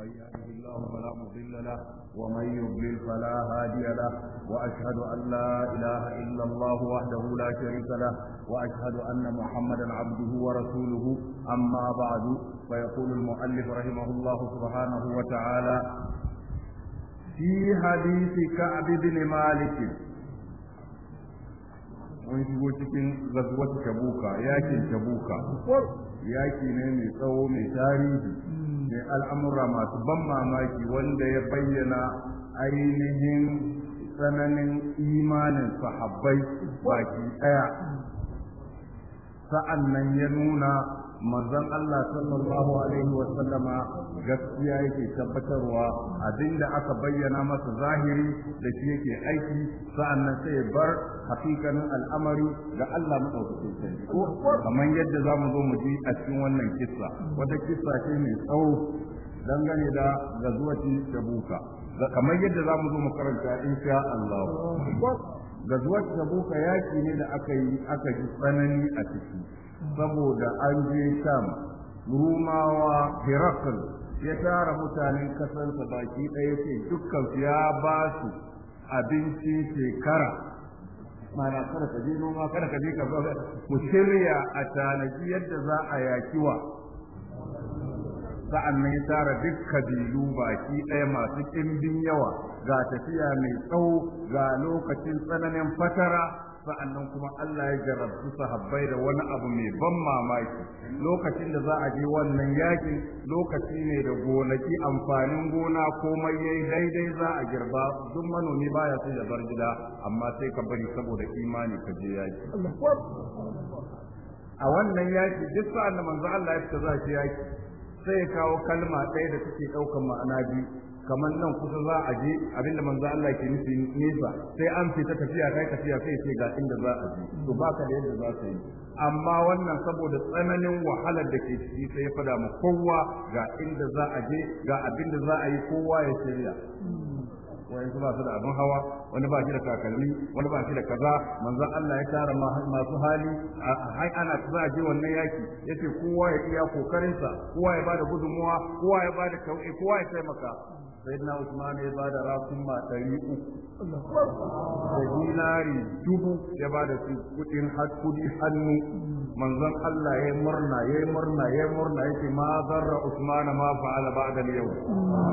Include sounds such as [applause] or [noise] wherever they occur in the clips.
من يهده الله فلا مضل له ومن يضلل فلا هادي له واشهد ان لا اله الا الله وحده لا شريك له واشهد ان محمدا عبده ورسوله اما بعد فيقول المؤلف رحمه الله سبحانه وتعالى في حديث كعب بن مالك mun shigo cikin gazuwar tabuka yakin tabuka yaki ne mai tsawo mai tarihi mai al'amura masu ban mamaki wanda ya bayyana ainihin tsananin imanin sahabbai baki ɗaya sa'an nan ya nuna manzon Allah sallallahu alaihi wa sallama gaskiya yake tabbatarwa da aka bayyana masa zahiri da shi yake aiki sa'annan sai bar hakikanin al'amari ga Allah madaukakin sarki kamar yadda mu zo mu ji a cikin wannan kissa wata kissa ce mai tsawo dangane da gazuwati da kamar yadda mu zo mu karanta insha Allah gazuwati da buka yaki ne da aka yi aka ji tsanani a ciki saboda an je sam, rumawa herakl ya tara mutanen kasansa baki ɗaya ce dukkan ya ba su abinci shekara mana kada ka je noma kada ka je ka zo mu shirya a tanaji yadda za a yaki wa sa'an nan ya tara duk kabilu baki ɗaya masu ƙimbin yawa ga tafiya mai tsawo ga lokacin tsananin fatara sa'annan kuma Allah ya jarabtu sahabbai da wani abu mai ban mamaki lokacin da za a je wannan yakin lokaci ne da gonaki amfanin gona komai yayi daidai za a girba duk manomi baya son ya bar gida amma sai ka bari saboda imani ka je yaki a wannan yaki duk sa'an da manzo Allah ya fita za shi yaki sai ya kawo kalma ɗaya da take ɗaukan ma'ana biyu kamar nan kusa za a je abinda manzo Allah ke nufi nesa sai an fita tafiya kai tafiya sai sai ga inda za a je to baka da yadda za ka yi amma wannan saboda tsananin wahalar da ke ciki sai ya fada mu kowa ga inda za a je ga abinda za a yi kowa ya shirya wani ba su da abin hawa wani ba shi da takalmi wani ba shi da kaza manzon Allah ya tara masu hali hai ana za a je wannan yaki yace kowa ya iya kokarinsa kowa ya bada gudunmuwa kowa ya bada kowa ya taimaka sayyidina Usman ya bada dari uku. da dinari dubu ya bada su kudin hakuri hannu manzon Allah ya murna ya murna ya murna ce ma zarra Usman ma fa'ala ba'da al-yawm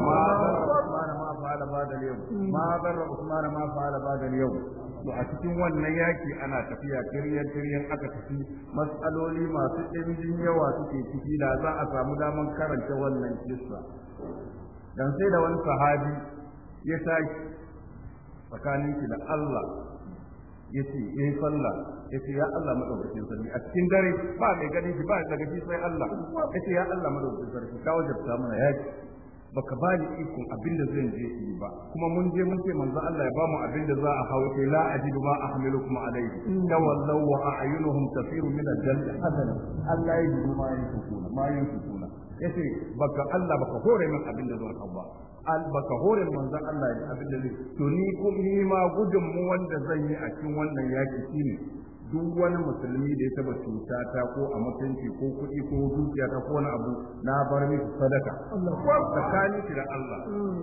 ma zarra Usman ma fa'ala ba'da al-yawm ma zarra Usman ma fa'ala ba'da al-yawm to a cikin wannan yaki ana tafiya kiryan kiryan aka tafi mas'aloli masu ɗimbin yawa suke ciki da za a samu daman karanta wannan kissa dan sai da wani sahabi ya tashi tsakanin shi da Allah ya ce ya eh, yi sallah ya ce ya Allah madaukakin sarki a cikin dare ba mai gani shi ba daga shi sai Allah ya ce ya Allah madaukakin sarki ka wajabta mana ce baka ba ni ikon abin da zan je yi ba kuma mun je mun ce manzo Allah ya ba mu abin da za a hawo sai la ajidu ma ahmilukum alayhi inna wallahu wa a'yunuhum tafiru min al-jannah Allah ya yi ma yi ma yi yace baka Allah baka hore min abin da zan ba al baka hore manzon Allah ya abin da zai to ni ko ni ma gudun mu wanda zan yi a cikin wannan yaki shine duk wani musulmi da ya taba cuta ta ko a mutunci ko kuɗi ko dukiya ta ko wani abu na bar miki sadaka tsakani shi da Allah mm.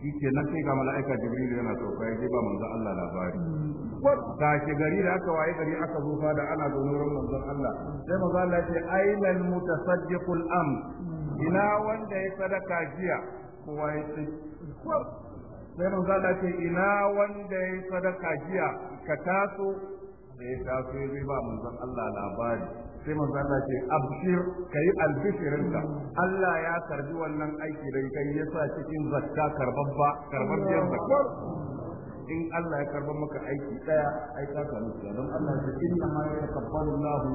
shi ke nan sai ga mala'ika jibril yana sauka ya ba manzon Allah labari mm. akbar ke gari da aka waye gari aka zo da ana zaune wurin manzon Allah sai manzon Allah ya ce ailal mutasaddiqul am ina wanda ya sadaka jiya kowa ya ce sai manzon Allah ce ina wanda ya sadaka jiya ka taso da ya taso ya ba manzon Allah labari sai manzo Allah ce abshir kai albishirinka Allah ya karbi wannan aiki da kai yasa cikin zakka karbabba karbabbiyar zakka in Allah ya karba maka aiki daya ai ka samu don Allah ya inna ma yataqabbalu Allahu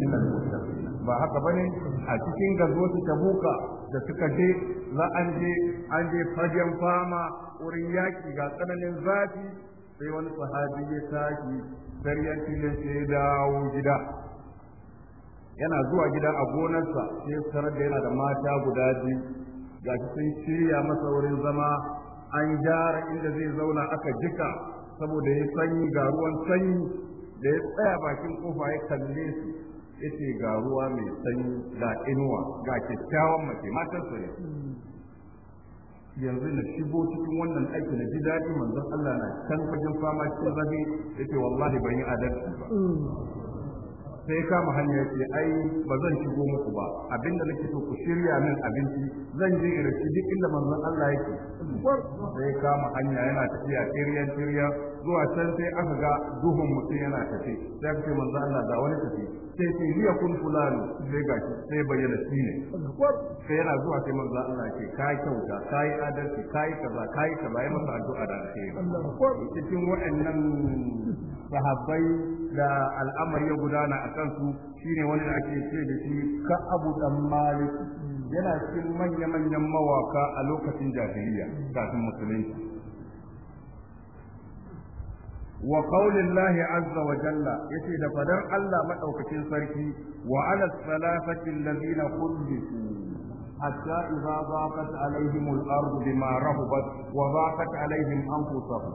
min al-muttaqin ba haka bane a cikin ta Tabuka da suka je za an je an je fagen fama wurin yaki ga tsananin zafi sai wani sahabi ya tashi sariyar filin sai ya dawo gida yana zuwa gida a gonarsa sai sanar da yana da mata guda biyu ga sun shirya masa wurin zama an gyara inda zai zauna aka jika saboda ya sanyi ga ruwan sanyi da ya tsaya bakin kofa ya kalle su ita ga ruwa mai sanyi ga inuwa ga kyakkyawan mace matarsa ne yanzu na shigo cikin wannan aiki na ji daɗi manzon Allah na can fagen fama cikin zafi yace wallahi ban yi adalci ba mm. sai ya kama hanyar ce ai ba zan shigo muku ba abinda nake so ku shirya min abinci zan je in rashi duk inda manzon Allah yake sai ya kama hanya yana tafiya tiryan tiryan zuwa can sai aka ga duhun mutum yana tafi sai ka ce manzon Allah da wani tafi sai sai hiya kun fulani sai shi sai bayyana shi ne sai yana zuwa sai manzo Allah ce kai kyauta kai adalci kai kaza kai kaza ya masa addu'a da sai cikin waɗannan sahabbai da al'amari ya gudana a kansu shine wani da ake ce da shi ka Abu dan Malik yana cikin manya-manyan mawaka a lokacin jahiliya kafin musulunci wa qaulillahi azza wa jalla yace da fadar Allah madaukakin sarki wa ala salafati allazina khulifu حتى إذا ضاقت عليهم الأرض بما رهبت وضاقت عليهم أنفسهم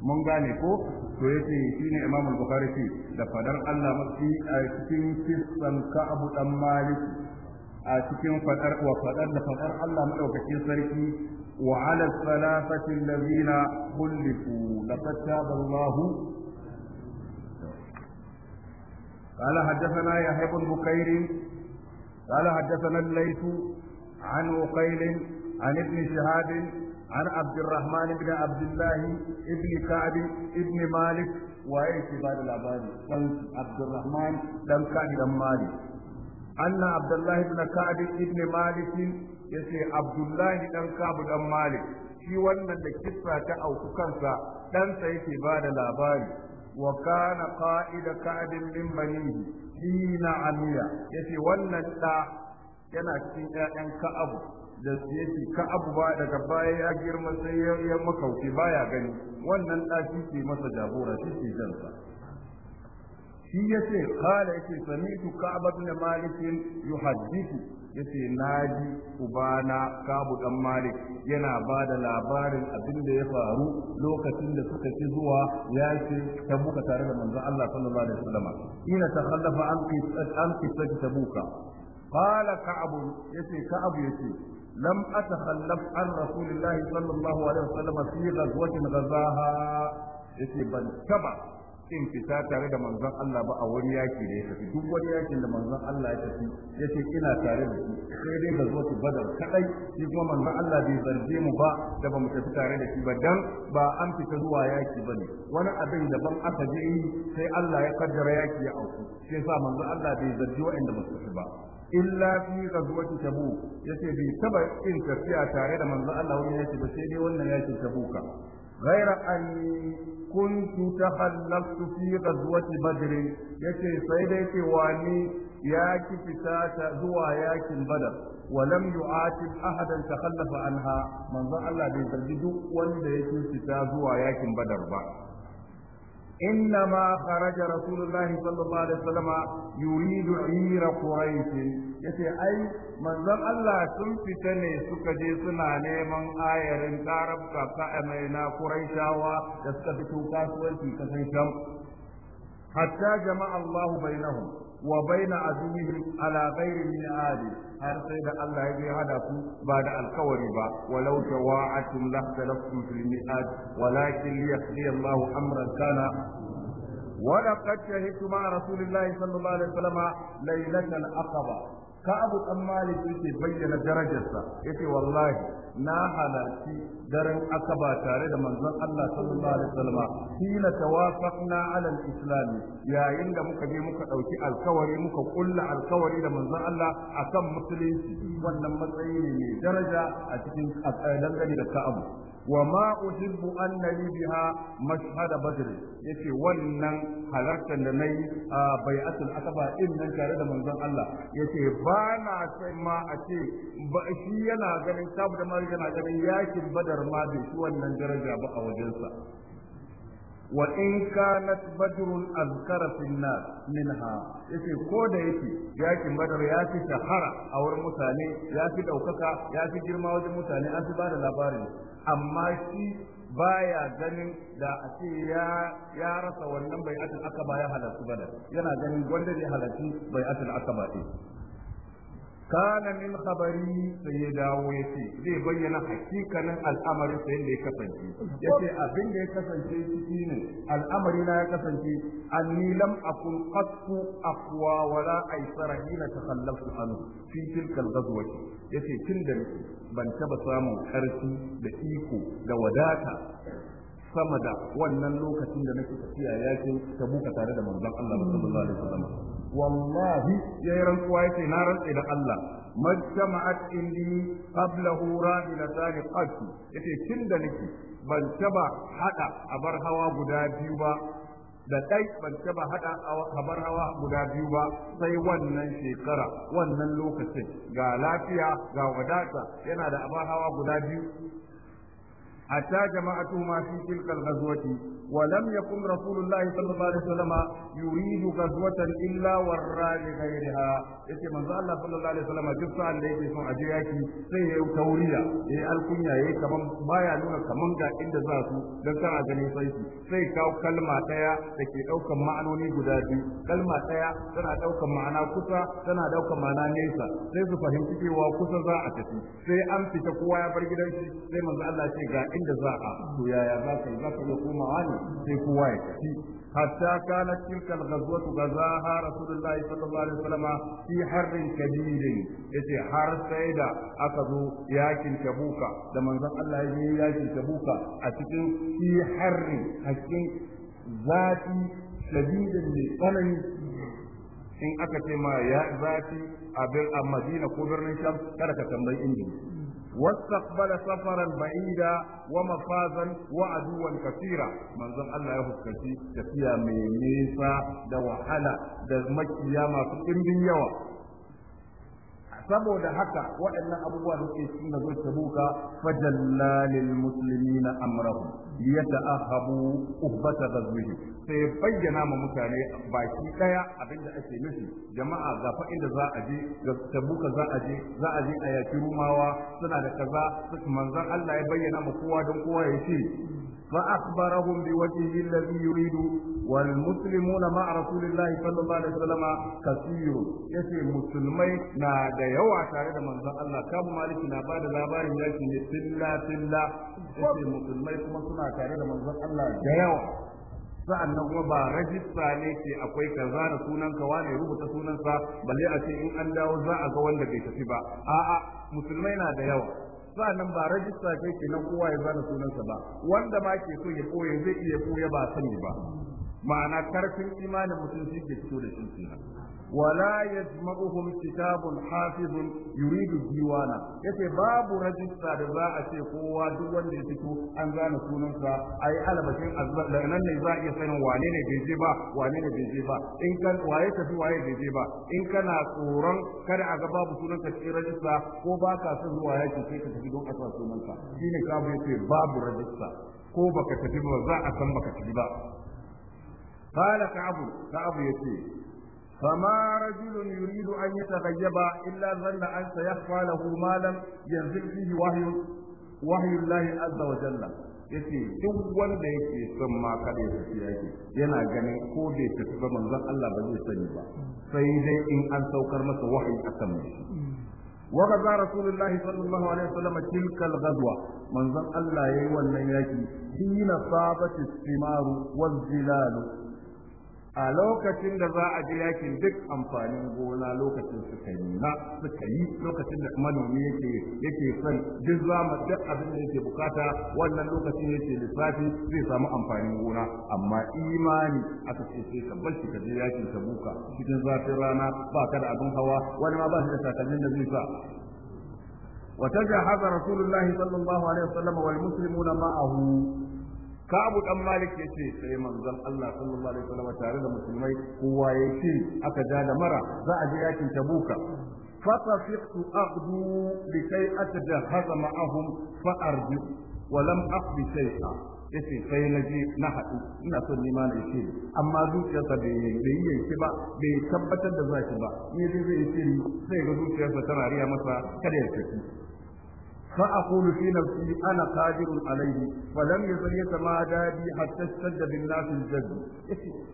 mun gane ko to yace shine Imam Bukhari ce da fadar Allah mafi a cikin kisan Ka'ab dan a cikin fadar wa fadar da fadar Allah madaukakin sarki wa ala salafati allazina khulifu laqad taba Allah قال حدثنا يحيى بن بكير قال حدثنا الليث عن عقيل عن ابن شهاب عن عبد الرحمن بن عبد الله ابن كعب ابن مالك وعيش بعد العبادي عبد الرحمن بن كعب بن مالك anna Abdullahi ibn ka'ab ibn malik yace abdullahi dan ka'ab dan malik shi wannan da kissa ta auku kansa sa yake ba da labari wa kana qa'id ka'ab min banihi hina amiya yace wannan da yana cikin ƴaƴan ka'ab da yace ka'abu ba daga baya ya girma sai ya makauce baya gani wannan da shi ke masa jagora shi ke jansa shi yace qala yace sami'tu ka'ab ibn malik yuhaddithu yace naji ubana kabu dan malik yana bada labarin abin da ya faru lokacin da suka ci zuwa ya yaki tabuka tare da manzon Allah sallallahu alaihi wasallam ina takhallafa an an kisati tabuka qala ka'ab yace ka'ab yace lam atakhallaf an rasulillahi sallallahu alaihi wasallam fi ghazwatin ghazaha yace ban taba Ƙin fita tare da manzon Allah ba a wani yaƙi da ya tafi duk wani yaƙin da manzon Allah ya tafi ya ce ina tare da shi sai dai ga zuwa badar kadai shi kuma manzon Allah bai zarge mu ba da ba mu tafi tare da shi ba dan ba an fita zuwa yaƙi ba ne, wani abin da ban aka je yi sai Allah ya kaddara yaƙi ya auku sai sa manzon Allah bai zarge waɗanda ba su tafi ba illa fi ghazwati tabuk yace bai taba in tafiya tare da manzon Allah wani yaƙi ba sai dai wannan yakin tabuka غير أن kuntu tahallaftu fi ghazwati badr yace sai dai cewa ni ki fita ta zuwa yakin badar ولم يعاتب احدا تخلف عنها من الله bai zargi duk wanda yake fita zuwa yakin badar ba إنما خرج رسول الله صلى الله عليه وسلم يريد عير قريش yace ai manzon Allah sun fita ne suka je suna neman ayarin tarabta ka mai na Quraishawa da suka fito kasuwanci kasan Sham hatta jama'a Allahu bainahum wa baina aduwihim ala ghairi mi'ad har sai da Allah ya zai hada su ba da alkawari ba walau tawa'atum lahtalaftum fil mi'ad walakin liyaqdi Allahu amran kana ولقد شهدت مع رسول الله صلى الله عليه وسلم ليلة Ka'abu ɗan malik yake bayyana darajarsa yace wallahi na halarci daren akaba tare da manzon Allah sallallahu alaihi wasallam kila tawafaqna ala al-islam yayin da muka je muka dauki alkawari muka kulla alkawari da manzon Allah akan musulunci wannan matsayi ne mai daraja a cikin dangane da ka'abu. wa ma uhibbu annani biha mashhada badr yace wannan halartar da nayi a bai'atul akaba din nan tare da manzon Allah yace ba na sai ma a ce ba shi yana ganin sabu da mari yana ganin yakin badar ma bai shi wannan daraja ba a wajensa wa in kanat badrun azkara fil nas minha yace ko da yake yakin badar ya fi shahara a wurin mutane ya fi daukaka ya fi girma wajen mutane an fi ba da labarin amma shi baya ganin da a ce ya rasa wannan bai aka ba ya halarci bada yana ganin gwanda ne halarci bai aka ba ɗin kana habari khabari sai ya dawo ya ce zai bayyana hakikanin al'amarin sa yadda ya kasance ya ce abin da ya kasance ciki ne al'amari na ya kasance anni lam akun qattu aqwa wala aysara hina takhallaftu anhu fi tilka al-ghazwati yace tun da ban taba samun karfi da iko da wadata sama da wannan lokacin da nake tafiya yakin tabuka tare da manzon Allah sallallahu alaihi wasallam wallahi ya yi rantsuwa yake na rantse da Allah majtama'at indi qablahu rahilatan qati yace tun da nake ban taba hada abar hawa guda biyu ba da dai ban taba hada abar hawa guda biyu ba sai wannan shekara wannan lokacin ga lafiya ga wadata yana da abar hawa guda biyu أتى جماعتهما في تلك الغزوة ولم يكن رسول الله صلى الله عليه وسلم يريد غزوة إلا ورى لغيرها يتي من الله صلى الله عليه وسلم جفا ليتي سن أجياكي سيه توريا إيه الكنيا إيه كمان بايا نونا كمان جا إند ذاتو دكتان أجني سيسي سيه كاو كلمة تايا تكي أو كم معنوني قدادي كلمة تايا سنة أو كم معنا كسا سنة أو كم معنا نيسا سيه فهمتكي وكسا ذا أتسي سيه أمسي تقوى يا برجدانشي سيه من الله سيه inda za a to yaya za ka yi za ka iya komawa ne sai kowa ya tafi hatta kana tilka al-ghazwatu ghazaha rasulullah sallallahu alaihi wasallam fi harrin kabirin yace har sai da aka zo yakin tabuka da manzon Allah ya yi yakin tabuka a cikin fi harrin hakkin zafi shadidin mai tsanani in aka ce ma ya zafi a Madina ko birnin Sham kada ka tambayi inda واستقبل سفرا بعيدا ومفازا وعدوا كثيرا من ظن الله يفكتي تفيا من نيسا دا وحلا دا مكيا ما تقنبين يوا saboda haka waɗannan abubuwa da suke cikin da zo ta buka fajalla lil muslimina amrahum yadda ahabu uhbata zazuhi sai bayyana ma mutane baki daya abinda ake nufi jama'a gafa inda za a je ga tabuka za a je za a je a yaki rumawa suna da kaza manzon Allah ya bayyana ma kowa don kowa ya ce fa akhbarahum bi wajhihi alladhi yuridu wal muslimuna ma rasulillahi sallallahu alaihi wasallam kasir yace musulmai na da yawa tare da manzon Allah kamar maliki na bada labarin yake ne filla filla yace musulmai kuma suna tare da manzon Allah da yawa sa'annan kuma ba rajista ne ce akwai kaza da sunan ka wane rubuta sunansa balle a ce in an dawo za a ga wanda bai tafi ba a'a musulmai na da yawa sa'annan ba rajista ce ke nan kowa ya zana sunansa ba wanda ma ke so ya koye zai iya koya ba sani ba ma'ana karfin imanin mutum shi ke fito da shi kenan ولا يجمعهم كتاب حافظ يريد الديوان yace babu rajista da za ce kowa duk wanda ya fito an gane sunansa ai alabashin azbar da nan ne a iya sanin wane ne bai je ba wane ne bai je ba in kan tafi waye bai je ba in kana tsoron kada a ga babu sunanka cikin rajista ko ba ka son zuwa yaki sai ka tafi don a sa sunanka shine kabu yace babu rajista ko baka tafi ba za a san baka tafi ba قال كعب كعب يتي فما رجل يريد أن يتغيب إلا ظن أن سيخفى له ما لم ينزل فيه وحي وحي الله عز وجل yace duk wanda yake son ma kada ya tafi yake yana ganin ko bai tafi ba manzon Allah ba zai sani ba sai dai in an saukar masa wahayi akan shi wa gaza rasulullahi sallallahu alaihi wasallam tilka al-ghazwa manzon Allah yayi wannan yaki hina sabati simaru wal zilalu a lokacin da za a je yakin duk amfanin gona lokacin suka yi na suka yi lokacin da manomi yake yake son duk mu duk abin da yake bukata wannan lokacin yake lissafi zai samu amfanin gona amma imani aka ce sai ka bar shi ka je yakin ka buka cikin zafin rana ba ka da abin hawa wani ma ba shi da takalmin da zai sa وتجهز رسول الله صلى الله عليه وسلم والمسلمون معه kabu dan ya ce sai manzon Allah sallallahu alaihi wasallam tare da musulmai kowa ya ce aka ja da mara za a je yakin tabuka فطفقت أغدو لكي أتجهز معهم فأرجع ولم أقض شيئا yace sai na je na haɗu ina son nima na ce amma zuciyarsa bai yi yanki ba bai tabbatar da zaki ba ne zai zai ce sai ga zuciyarsa tana riya masa kada ya tafi فأقول في نفسي أنا قادر عليه ولم يزل يتمادى بي حتى اشتد بالناس الجد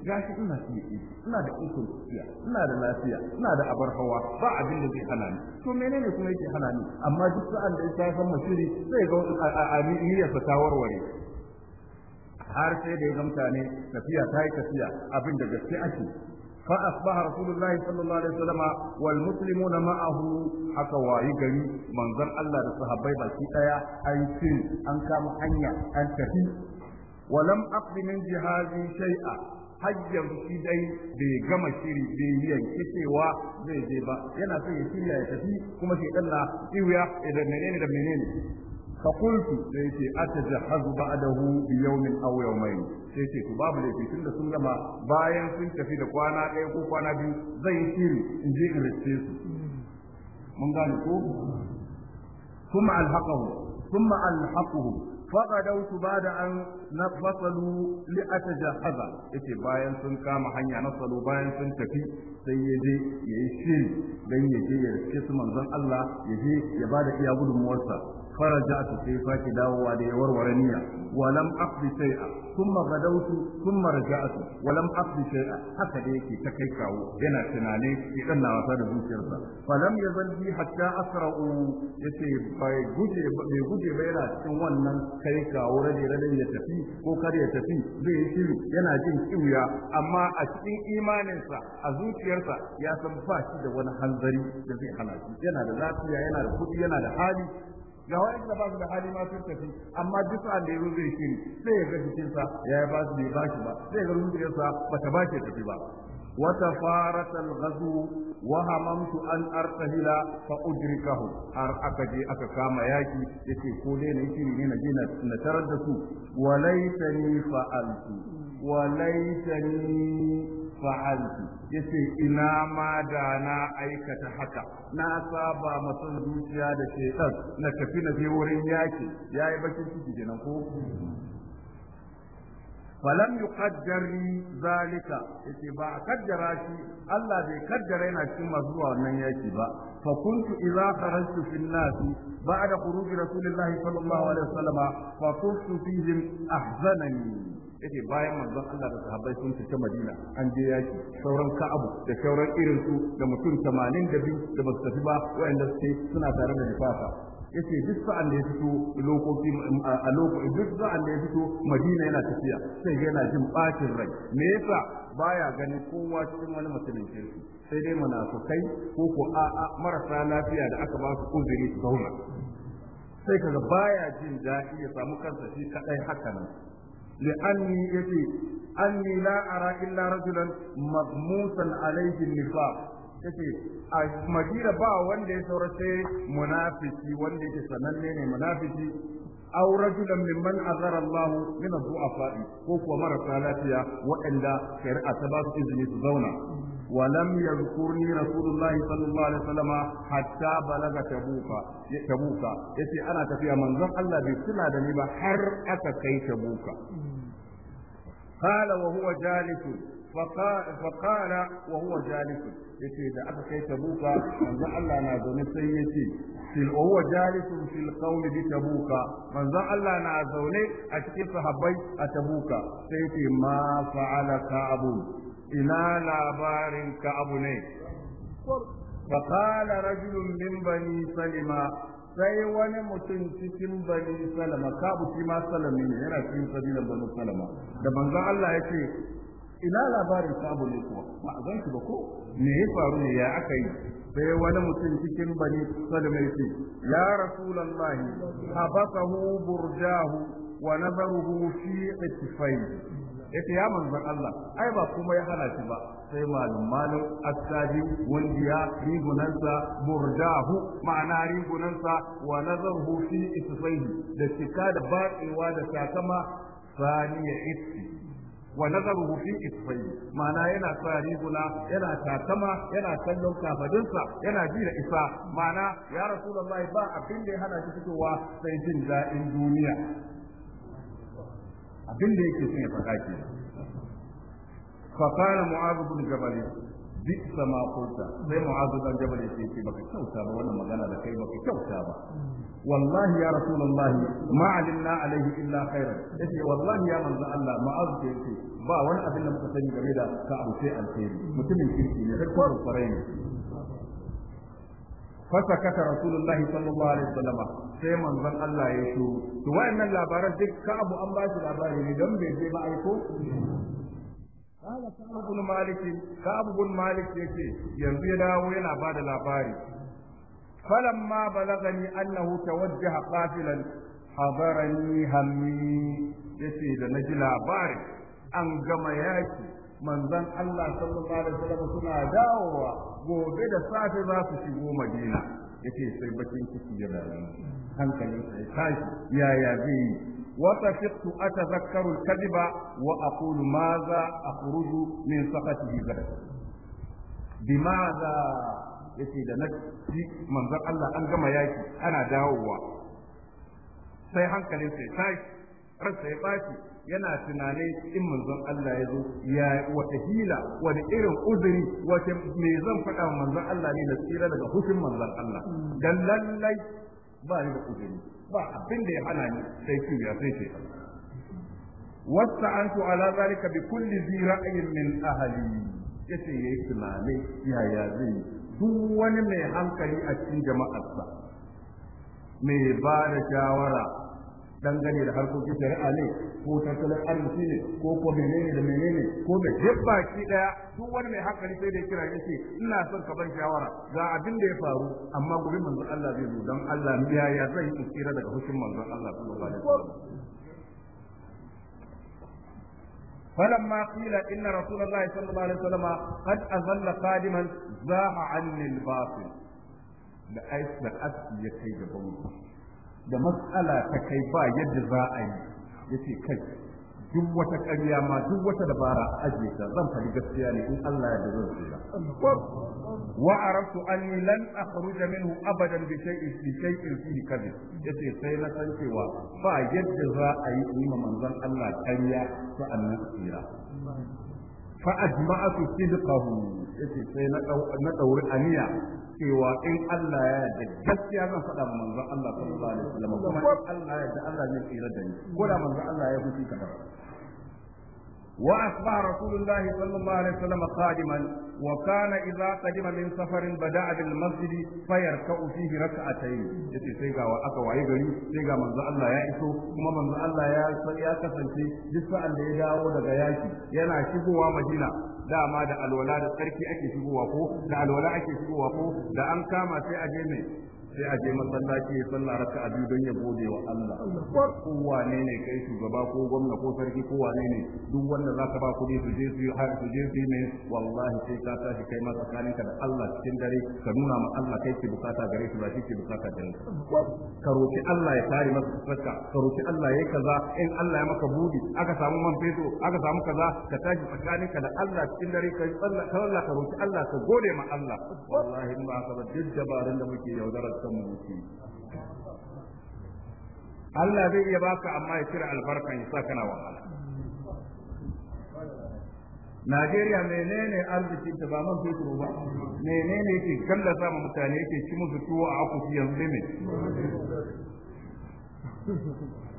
gashi ina fiye ina da ikon tafiya da lafiya ina da abar hawa ba abin da zai hana ni to menene kuma yake hana ni amma duk sa'an da ya san mashiri sai ga har sai da ya gamta mutane tafiya ta yi tafiya abin da gaske ake فأصبح رسول الله صلى الله عليه وسلم والمسلمون معه حكى وايقري من ذن الله لصحابي باكي ايا اي سن ان كام حنيا ان تفي ولم أقض من جهازي شيئا hajjar shi dai bai gama shiri bai yanke cewa zai je ba yana son ya shirya ya tafi kuma shi na iwiya da menene da menene فقلت ليس أتجهز بعده بيوم أو يومين sai ce ku babu laifi da sun gama bayan sun tafi da kwana ɗaya ko kwana biyu zai yi shiri in je in rice su mun gane ko kuma alhaqahu kuma alhaqahu faqadau su ba da an na fasalu li atajahaza yace bayan sun kama hanya na salo bayan sun tafi sai yaje je ya yi shiri dan ya ya rice su manzon Allah ya je ya bada da iya gudunmuwarsa فرجعت سيفاك داو علي ورورنيا ولم أقض شيئا ثم غدوت ثم رجعت ولم أقض شيئا حتى ديكي تكيكاو هنا تناني يقلنا وصاد بوشيرتا فلم يزل بي حتى أسرعوا يتي بيجوجي بيلا تنوانا كيكاو رجي رجي يتفي وكر يتفي زي شيرو yana jin kiwuya amma a cikin imaninsa a zuciyarsa ya san ba shi da wani hanzari da zai hana shi yana da lafiya yana da kuɗi yana da hali ga da ba su da hali ma sun tafi amma duk an da yazo zai shiri sai ya ga jikin sa ya ba su bai shi ba sai ya ga zuciyar sa ta ba ta tafi ba Wata faratan al-ghazw wa hamamtu an artahila fa udrikahu har aka je aka kama yaki yace ko dai na shiri ne na jina na tarar da su wa laitani fa'altu wa laitani fa'altu yace ina ma da na aikata haka na saba mutum zuciya da shekan na tafi na je wurin yaki yi bakin ciki kenan ko falam yuqaddari zalika yace ba a kaddara shi Allah bai kaddara yana cikin masu zuwa wannan yaki ba fa kuntu idza kharajtu fil nasi بعد خروج رسول الله صلى الله عليه وسلم فقلت فيهم أحزنني yake bayan manzon Allah da sahabbai sun fita Madina an je yaki sauran Ka'abu da sauran irin su da mutum 82 da basu tafi ba waɗanda suke suna tare da nifasa yace duk sa'an da ya fito lokoci a lokacin duk sa'an da ya fito Madina yana tafiya sai yana jin bacin rai me yasa baya ganin kowa cikin wani mutumin kirki sai dai munafukai ko ko a'a marasa lafiya da aka ba su uzuri su zauna sai kaga baya jin daɗi ya samu kansa shi kadai haka nan anni yace anni la ara illa rajulan madmusan alayhi nifaq yace a madina ba wanda ya saura sai munafiki wanda yake sananne ne munafiki aw rajulan mimman azara Allah min ad-du'afa ko kuwa marasa lafiya waɗanda shari'a ta ba su izini su zauna ولم يذكرني رسول الله صلى الله عليه وسلم حتى بلغ تبوك تبوك يتي انا تفيا منظر الله بسنا دني با حر اكاي تبوك قال وهو جالس فقال, فقال وهو جالس يتي da aka kai tabuka manzon Allah na zaune sai yace fil huwa jalisun fil qawl bi tabuka manzon Allah na zaune a cikin sahabbai a tabuka sai yace ma ina labarin ka abu ne فقال رجل من bani salima sai wani mutum cikin bani salama kabu shi ma salami ne yana cikin kabilan bani salama da manzon Allah ya ce ina labarin abu ne kuwa ba zan ganki ba ko me ya faru ne ya aka yi sai wani mutum cikin bani salama ya ce ya rasulullahi habasahu burjahu wa nazaruhu fi ittifai yace ya manzon Allah ai ba kuma ya hana shi ba sai malum malum asaji rigunansa burdahu ma'ana rigunansa wa nazaruhu fi isfaihi da cika da batsewa da sakama saniya itsi wa nazaruhu fi isfai ma'ana yana sa riguna yana takama yana kallon kafadinsa yana ji da isa ma'ana ya rasu rasulullahi ba abin da ya hana shi fitowa sai jin daɗin duniya abin da yake son ya faɗa ke fa kana bin jabal bi sama kulta sai mu'azu dan jabal ya ce baka kyauta ba wannan magana da kai baka kyauta ba wallahi ya rasulullah ma alimna alaihi illa khairan yace wallahi ya manzo Allah mu'azu ya ce ba wani abin da muka sani game da ka abu sai alheri mutumin kirki ne sai kwaro kwarai ne Fasakata rasulallah salamu alaihi salamai sai manzon Allah ya yi sauri. Suma yadda labarai duk kabu an ba shi labari ne don me zai ma'aikos? Kala ta bugun maliki, kabugun malik ce yanzu ya dawo yana bada labari. Kalan ma ba annahu ta wajen haɓafi nan. Hammi ne da na ji labari an gama yaki. manzon Allah sallallahu alaihi wasallam suna dawowa gobe da safe za su shigo Madina yace sai bakin ciki ya dare hankali sai tashi yaya zai yi وتفقت أتذكر الكذب وأقول ماذا أخرج من سقطه غدا بماذا yace da na ji manzon Allah an gama yaki ana dawowa sai hankali sai tashi ransa ya baci yana tunanin in manzon Allah ya zo ya wata hila wani irin uzuri wata me zan faɗa wa manzon Allah ne na tsira daga hushin manzon Allah hmm. dan lallai ba ni da uzuri ba abin da ya hana ni sai ki ya sai ki antu ala zalika bi kulli zi ra'yin min ahli yace yayi tunanin yaya zai duk wani mai hankali a cikin jama'arsa mai ba da shawara dangane da harkokin shari'a ne ko tattalin arziki ne ko ko menene da menene ko da duk baki daya duk wani mai hankali sai da kira yace ina son ka ban shawara ga abin da ya faru amma gurin manzo Allah zai zo dan Allah ya ya zai tsira daga hukuncin manzo Allah sallallahu alaihi wasallam فلما قيل إن رسول الله صلى الله عليه وسلم قد أظل قادما زاح عني الباطل لأيس لأس يكيد بمضي da matsala ta kai ba yadda za a yi ce kai duk wata ƙarya ma duk wata dabara a ajiye ta zan fari gaskiya ne in Allah ya dare ba wa araftu anni lan da minhu abadan bi kai bi shay'in fihi ya yace sai na san cewa ba yadda za a yi in ma manzon Allah ƙarya sa'annan tsira fa ajma'atu ya ce sai na dauri aniya cewa in Allah ya yarda gaskiya zan faɗa ma manzon Allah sallallahu alaihi wasallam kuma in Allah ya yarda Allah zai tsira da ni ko da manzon Allah ya hukunta ka rasulullah sallallahu alaihi wasallam qadiman wa kana idza qadima min safarin bada'a bil masjid fa yarka'u fihi rak'atayn yace sai ga wa aka waye gari sai ga manzo Allah ya iso kuma manzo Allah ya ya kasance duk sa'an da ya dawo daga yaki yana shigowa Madina dama da alwala da tsarki ake shigowa ko da alwala ake shigowa ko da an kama sai a je mai sai a je masallaci ya salla raka a biyu don ya gode wa Allah ko wane ne kai shugaba ko gwamna ko sarki ko wane ne duk wanda za ka ba kuɗi su je su yi har su je su yi wallahi sai ka tashi kai ma tsakaninka da Allah cikin dare ka nuna ma Allah kai ke bukata gare shi ba shi ke bukata gare shi ka roki Allah ya kare masa tsaka ka roki Allah ya kaza in Allah ya maka budi aka samu man feto aka samu kaza ka tashi tsakaninka da Allah cikin dare ka salla ka roki Allah ka gode ma Allah wallahi in ba ka ba duk dabarun da muke yaudarar kanmu muke Allah zai iya baka amma ya cire albarka ya sa kana wahala Najeriya menene arziki ta ba man fitro ba menene yake kallasa ma mutane yake ci musu tuwo a akufi yanzu ne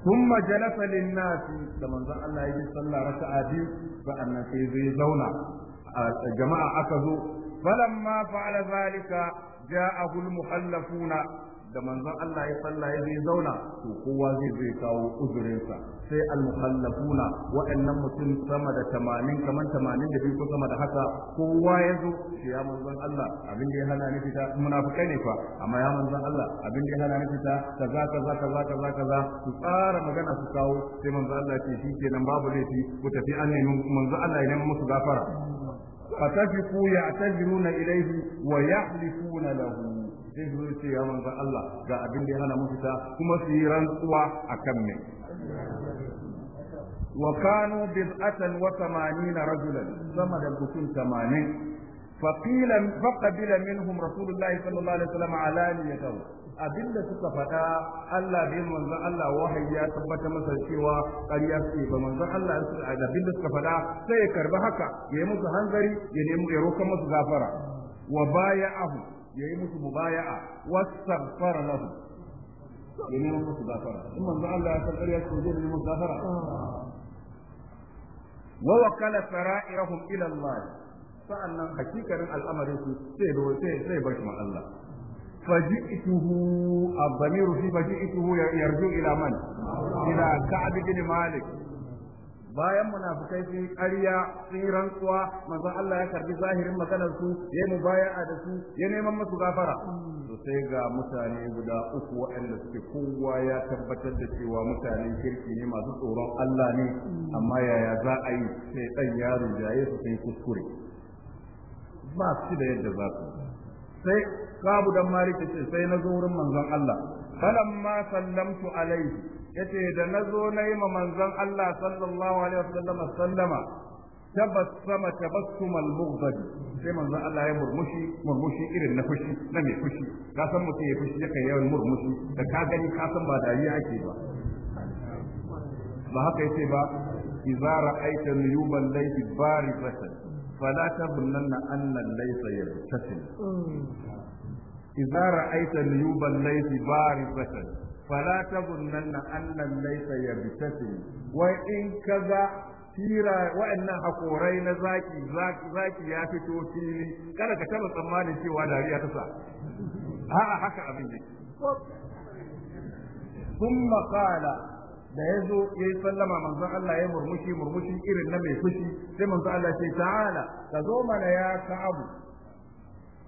ثم جلس للناس لما الله يجي صلى ركعة دي فأنا في زي زونة جماعة أكذو فلما فعل ذلك ja'ahu al-muhallafuna da manzon Allah ya salla ya zai zauna to kowa zai zai kawo uzurinsa sai al-muhallafuna wa'annan mutum sama da 80 kaman 82 ko sama da haka kowa ya zo shi ya manzon Allah abin da ya hana ni fita munafikai ne fa amma ya manzon Allah abin da ya hana ni fita kaza kaza kaza kaza kaza su tsara magana su kawo sai manzon Allah ya ce shi kenan babu laifi ku tafi an nemi manzon Allah ya nemi musu gafara fatafiku ya'taziruna ilayhi wa yahlifuna lahu sai su ce ya manzo Allah ga abin da ya hana mu kuma su yi rantsuwa akan me wa kanu bid'atan wa 80 rajulan sama da mutum Tamanin. فقيل فقبل منهم رسول الله صلى الله عليه وسلم علانيته abinda suka faɗa Allah bai manzon Allah wahayi ya tabbata masa cewa ƙarya suke ba manzon Allah abinda suka faɗa sai ya karba haka ya yi musu hanzari ya nemi ya roka musu gafara wa baya'ahu ya yi musu mubaya'a wastaghfara lahu ya nemi musu gafara in manzon Allah ya san ƙarya suke zai nemi musu gafara wa wakala sara'irahum ila Allah sa'annan hakikanin al'amarin su sai ruwa sai sai bashi ma Allah faji'tuhu abamiru fi faji'tuhu yarju ila man ila ka'ab bin malik bayan munafikai sun ƙarya sun yi rantsuwa manzon Allah ya karbi zahirin maganar su ya yi mubaya'a da su ya neman musu gafara to sai ga mutane guda uku waɗanda suke kowa ya tabbatar da cewa mutane kirki ne masu tsoron Allah ne amma yaya za a yi sai ɗan yaro jaye su sun kuskure ba su da yadda za su sai kabu dan malik ce sai na zo wurin manzon Allah falamma sallamtu alaihi yace da na zo na yi ma manzon Allah sallallahu alaihi wasallam sallama tabassama tabassumal mughdabi sai manzon Allah ya murmushi murmushi irin na fushi na mai fushi ka san mutum ya fushi yakan yawan murmushi da ka gani ka san ba dariya ake ba ba haka yace ba idza ra'aita nuyuban layli barizatan فلا تظنن أن الليث يبتسم hmm. إذا رأيت نيوب الليث بارزة فلا تظنن أن الليث يبتسم وإن كذا tira wa'annan hakorai na zaki zaki ya fito fili kada ka taba tsammanin cewa dariya ta sa a'a haka abin yake ثم قال da ya zo ya sallama manzon Allah ya murmushi murmushi irin na mai fushi sai manzon Allah ce ta'ala ka zo mana ya ka'abu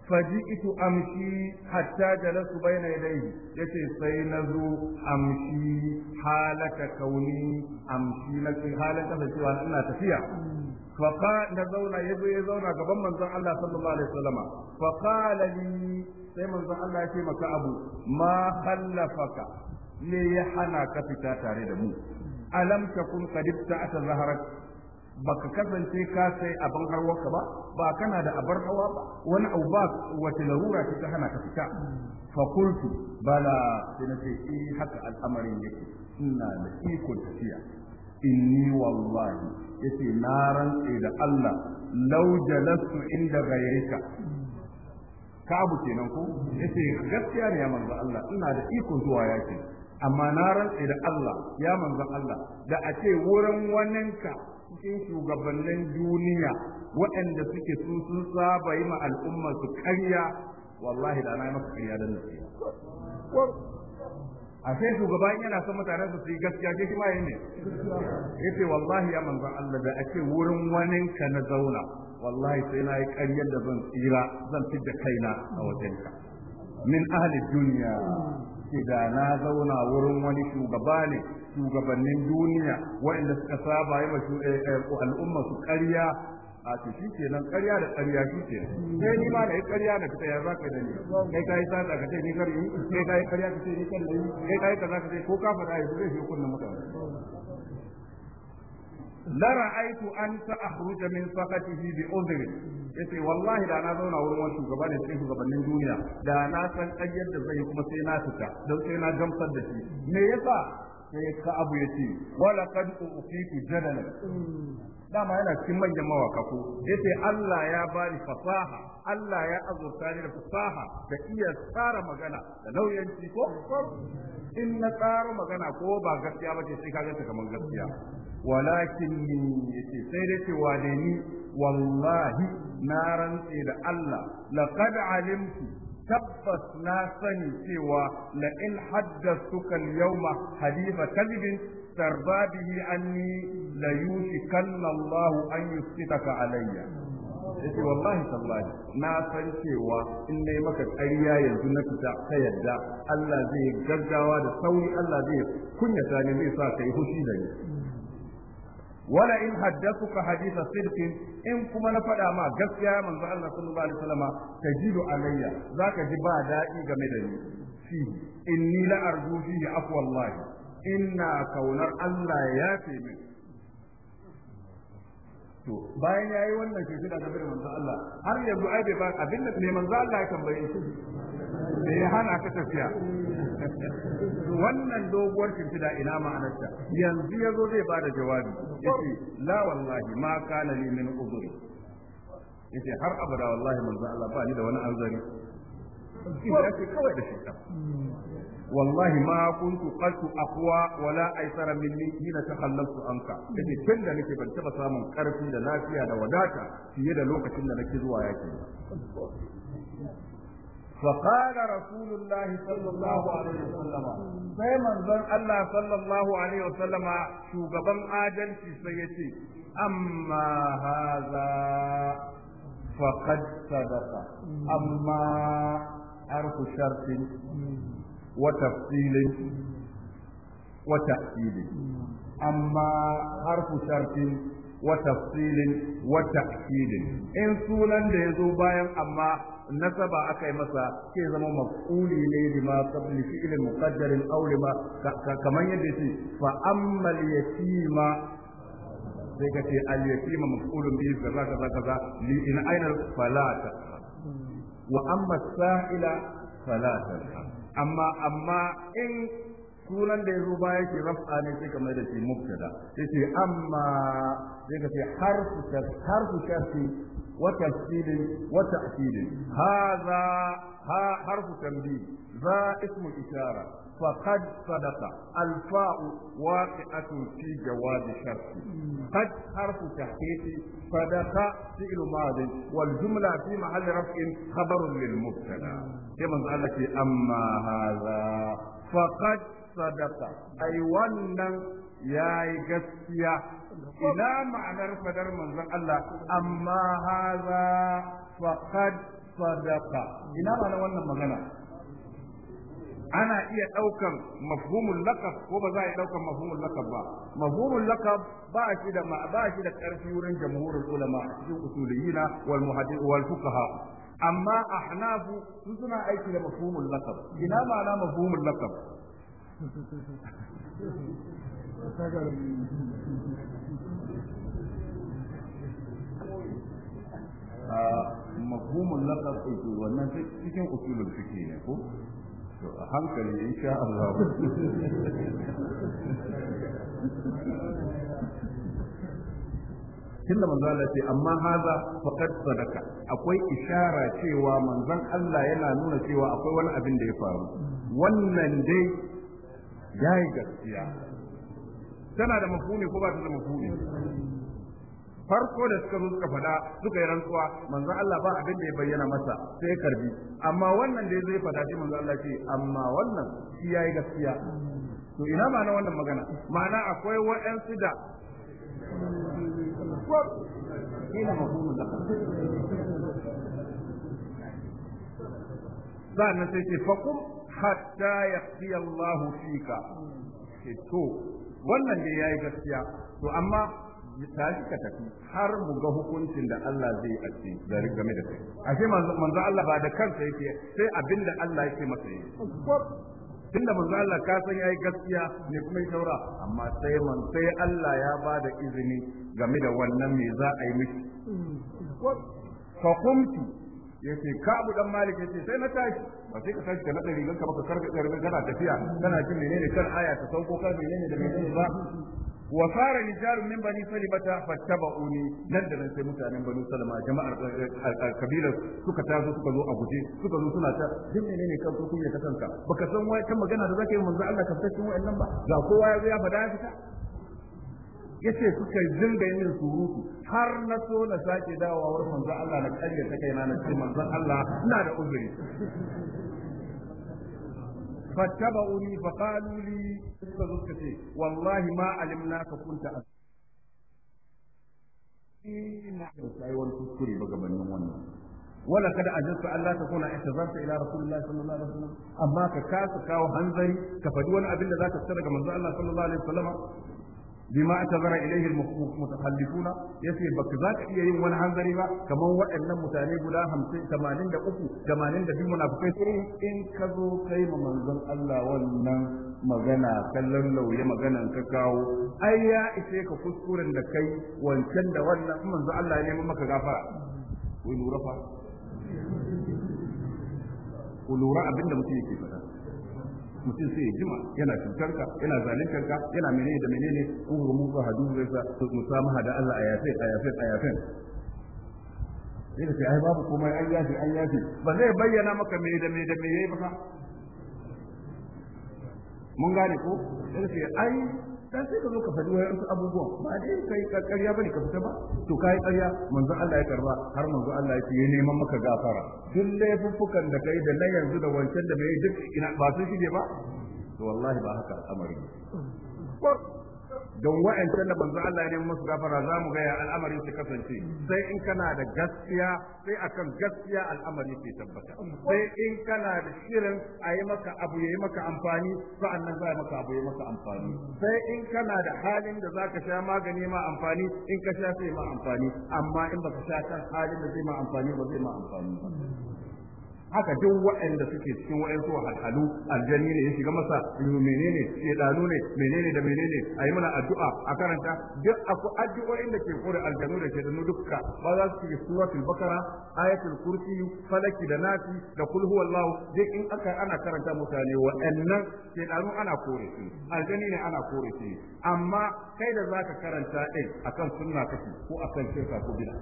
faji itu amshi hatta jalasu bayna yadayhi yace sai nazo amshi halaka kauni amshi na kai halaka da cewa ina tafiya faqa da zauna yazo ya zauna gaban manzon Allah sallallahu alaihi wasallama faqala li sai manzon Allah ya ce maka abu ma khallafaka me ya hana ka fita tare da mu alam takun qad ta zaharak baka kasance ka sai abin harwarka ba ba kana da abar hawa ba wani abu ba wata larura ta hana ka fita fa qultu bala sai na ce eh haka al'amarin yake ina da ikon tafiya inni wallahi yace na rantse da Allah law jalastu inda ghayrika kabu kenan ko yace gaskiya ne ya manzo Allah ina da ikon zuwa yake amma na rantse da Allah ya manzon Allah da a ce wurin waninka cikin shugabannin duniya waɗanda suke su sun saba yi ma al'umma su karya wallahi da na yi maka karya da nasiya a sai shugaban yana son mutanen su yi gaskiya ke kuma yi ne yace wallahi ya manzon Allah da ake wurin wanin na zauna wallahi sai na yi karyar da zan tsira zan da kaina a wajenka min ahli duniya ce da na zauna wurin wani shugaba ne shugabannin duniya waɗanda suka saba yi eh, eh, al'umma su ƙarya a ce shi ke nan ƙarya da ƙarya shi ke sai ni ma na yi ƙarya da fita ya ka da ni kai ka yi sata ka ce ni kar yi kai ka yi ƙarya ka ce ni kar yi kai ka yi kaza ka ce ko ka faɗa yi zai shi kunnen mutane Lara aiku an ta'khruja min saqatihi bi ya yace wallahi da na zauna wurin wasu, gaba da cikin shugabannin duniya da na san ƙaryar da zai kuma sai na fita dan sai na gamsar da shi me yasa sai ka abu yace wala qad uqitu jadalan dama yana cikin manyan mawaka ko ce Allah ya bani fasaha Allah ya azurta ni da fasaha da iya tsara magana da lauyanci ko in na tsara magana ko ba gaskiya ba ce sai ka ganta kamar gaskiya walakin ni yace sai dai ce wa da ni wallahi na rantse da Allah laqad alimtu tabbas na sani cewa la in haddathuka al-yawma haditha kadhibin tarba bihi anni la yushikanna Allah an yusitaka alayya yace wallahi tallahi na san cewa in nayi maka ƙarya yanzu na fita ta yadda Allah zai gaggawa da sauri Allah zai kunyata ni zai sa kai hushi da ni wala in ka haditha sidqin in kuma na faɗa ma gaskiya manzo Allah sallallahu alaihi wasallama tajidu alayya zaka ji ba daɗi game da ni fi inni la arju fihi afwallahi inna kaunar Allah ya fi min to bayan yayi wannan shi da gabe manzo Allah har yanzu ai bai ba abin da ne manzo Allah ya tambaye shi da ya hana ka tafiya wannan doguwar shimfida ina ma'anarta yanzu ya zo zai bada jawabi yace la wallahi ma kana li min uzuri yace har abada wallahi manzo Allah ba ni da wani azari yace kawai da shekara wallahi ma kuntu qaltu aqwa wala aysara minni hina takhallaftu anka yace tun da nake ban taba samun karfi da lafiya da wadata fiye da lokacin da nake zuwa yaki فقال رسول الله صلى الله عليه وسلم sai manzon Allah sallallahu alaihi wa sallama shugaban adalci sai ya ce amma haza faqad sadaqa amma harfu shartin wa tafsilin wa ta'kidin amma harfu shartin wa tafsilin wa ta'kidin in sunan da yazo bayan amma nasaba aka yi masa ke zama maf'uli ne lima qabli fi'lin aw lima yadda yake fa yatima sai ce al yatima maf'ulun li in sunan da ya zo baya ke rafa ne sai kamar da shi mubtada yace amma sai ka ce harfu harfu sharti wa tafsilin wa ta'tilin hadha ha harfu tanbih za ismu ishara فقد صدق الفاء واقعة في جواب شرط قد حرف تحقيق صدق فعل ماض والجملة في محل رفع خبر للمبتدا كما قال أما هذا فقد sadaqa ai wannan yayi gaskiya ina ma'anar fadar manzon Allah amma haza faqad sadaqa ina ma'anar wannan magana ana iya ɗaukan mafhumul laqab ko ba za a ɗaukan mafhumul laqab ba mafhumul laqab ba shi da ba shi da ƙarfi wurin jamhurul ulama cikin usuliyina wal muhaddith wal fuqaha amma ahnafu su suna aiki da mafhumul laqab ina ma'ana mafhumul laqab [laughs] mafhumin laqab ɗin wannan cikin usulul fiqh ne ko to a hankali sha Allah [laughs] tunda manzon Allah ce amma haza faqad sadaka akwai ishara cewa manzon Allah yana nuna cewa akwai wani abin da ya faru wannan dai yayi gaskiya tana da mafuni ko ba ta da mafuni farko da suka zo suka fada suka yi rantsuwa manzo Allah ba abin da ya bayyana masa sai karbi amma wannan da zai fada shi manzo Allah ce amma wannan shi yayi gaskiya to ina ma'ana na wannan magana ma'ana akwai waɗansu da sa'an nan sai ce fakum hatta ya fi Allahu fika ka. to wannan da yayi gaskiya to amma misali ka tafi har mu ga hukuncin da Allah zai a cikin game da kai ashe manzo Allah ba da kansa yake sai abinda Allah yake masa yi tunda manzo Allah ka san yayi gaskiya ne kuma shaura amma sai man sai Allah ya ba da izini game da wannan me za a yi miki fa qumtu ya ce kabu dan malik ya ce sai na tashi ba sai ka tashi ka naɗa rigar ka baka karfe karfe kana tafiya kana jin menene kan aya ta sauko kan menene da menene ba wa fara nijarun min bani salibata fattaba'uni nan da nan sai mutanen bani salama jama'ar eh, eh, kabilar suka taso suka zo a guje suka zo suna ta jin menene kan ko kunya ta kanka baka san wai kan magana da zaka yi manzo Allah ka fitar cikin wa'annan ba ga kowa ya zo ya fada fita yace suka dinga yin surutu har na so na sake dawowa wurin manzon Allah na karya ta kaina na ce manzon Allah ina da uzuri fattaba'uni faqalu li suka zo suka ce wallahi ma alimna ka kunta ina da wani kuskure ba gabanin wannan wala kada ajinsu Allah ta kuna ihtazarta ila rasulullahi sallallahu alaihi wasallam amma ka kasa kawo hanzari ka fadi wani abin da zaka tsara ga manzo Allah sallallahu alaihi wasallam bima tazara ilayhi al-mutakhallifun yace baka za ka iya yin wani hanzari ba kamar waɗannan mutane guda 50 83 82 munafikai in ka zo kai ma manzon Allah wannan magana kallon lauye maganan ka kawo ai ya ishe ka kuskuren da kai wancan da wannan manzon Allah ya nemi maka gafara ko lura fa ko lura abinda mutum yake faɗa mutum sai ya jima yana cutar ka yana zalintar ka yana menene da menene kuma mu ba hadu zai sa mu samu hada Allah a yafe a yafe a yafe sai da sai babu komai an yafe an yafe ba zai bayyana maka me da me da me yayi ba mun gane ko sai ai dan sai ka zo ka faɗi wayansu abubuwan ba dai kai ƙarya ne ka fita ba to ka yi ƙarya manzon Allah ya karba har manzon Allah ya ce ya neman maka gafara duk laifuffukan da ka yi da na yanzu da wancan da bai duk ina ba su shige ba to wallahi ba haka al'amari don wa'ancan da banzu Allah ne musu gafara za mu gaya al'amarin su kasance sai in kana da gaskiya sai akan gaskiya al'amari ke tabbata sai in kana da shirin a yi maka abu ya yi maka amfani sa'annan za a maka abu ya maka amfani sai in kana da halin da za ka sha magani ma amfani in ka sha sai ma amfani amma in ba ka sha kan halin da zai ma amfani ba zai ma amfani ba haka duk waɗanda suke cikin waɗansu wahalhalu aljani ne ya shiga masa menene shedanu ne menene da menene a yi mana addu'a a karanta duk akwai addu'o'in da ke kore aljanu da shedanu dukka ba za su ke suratul bakara ayatul kursi falaki da nasi da kul huwallahu duk in aka ana karanta mutane waɗannan shedanu ana kore su aljani ne ana kore su amma kai da zaka karanta din akan sunna kake ko akan shirka ko bid'a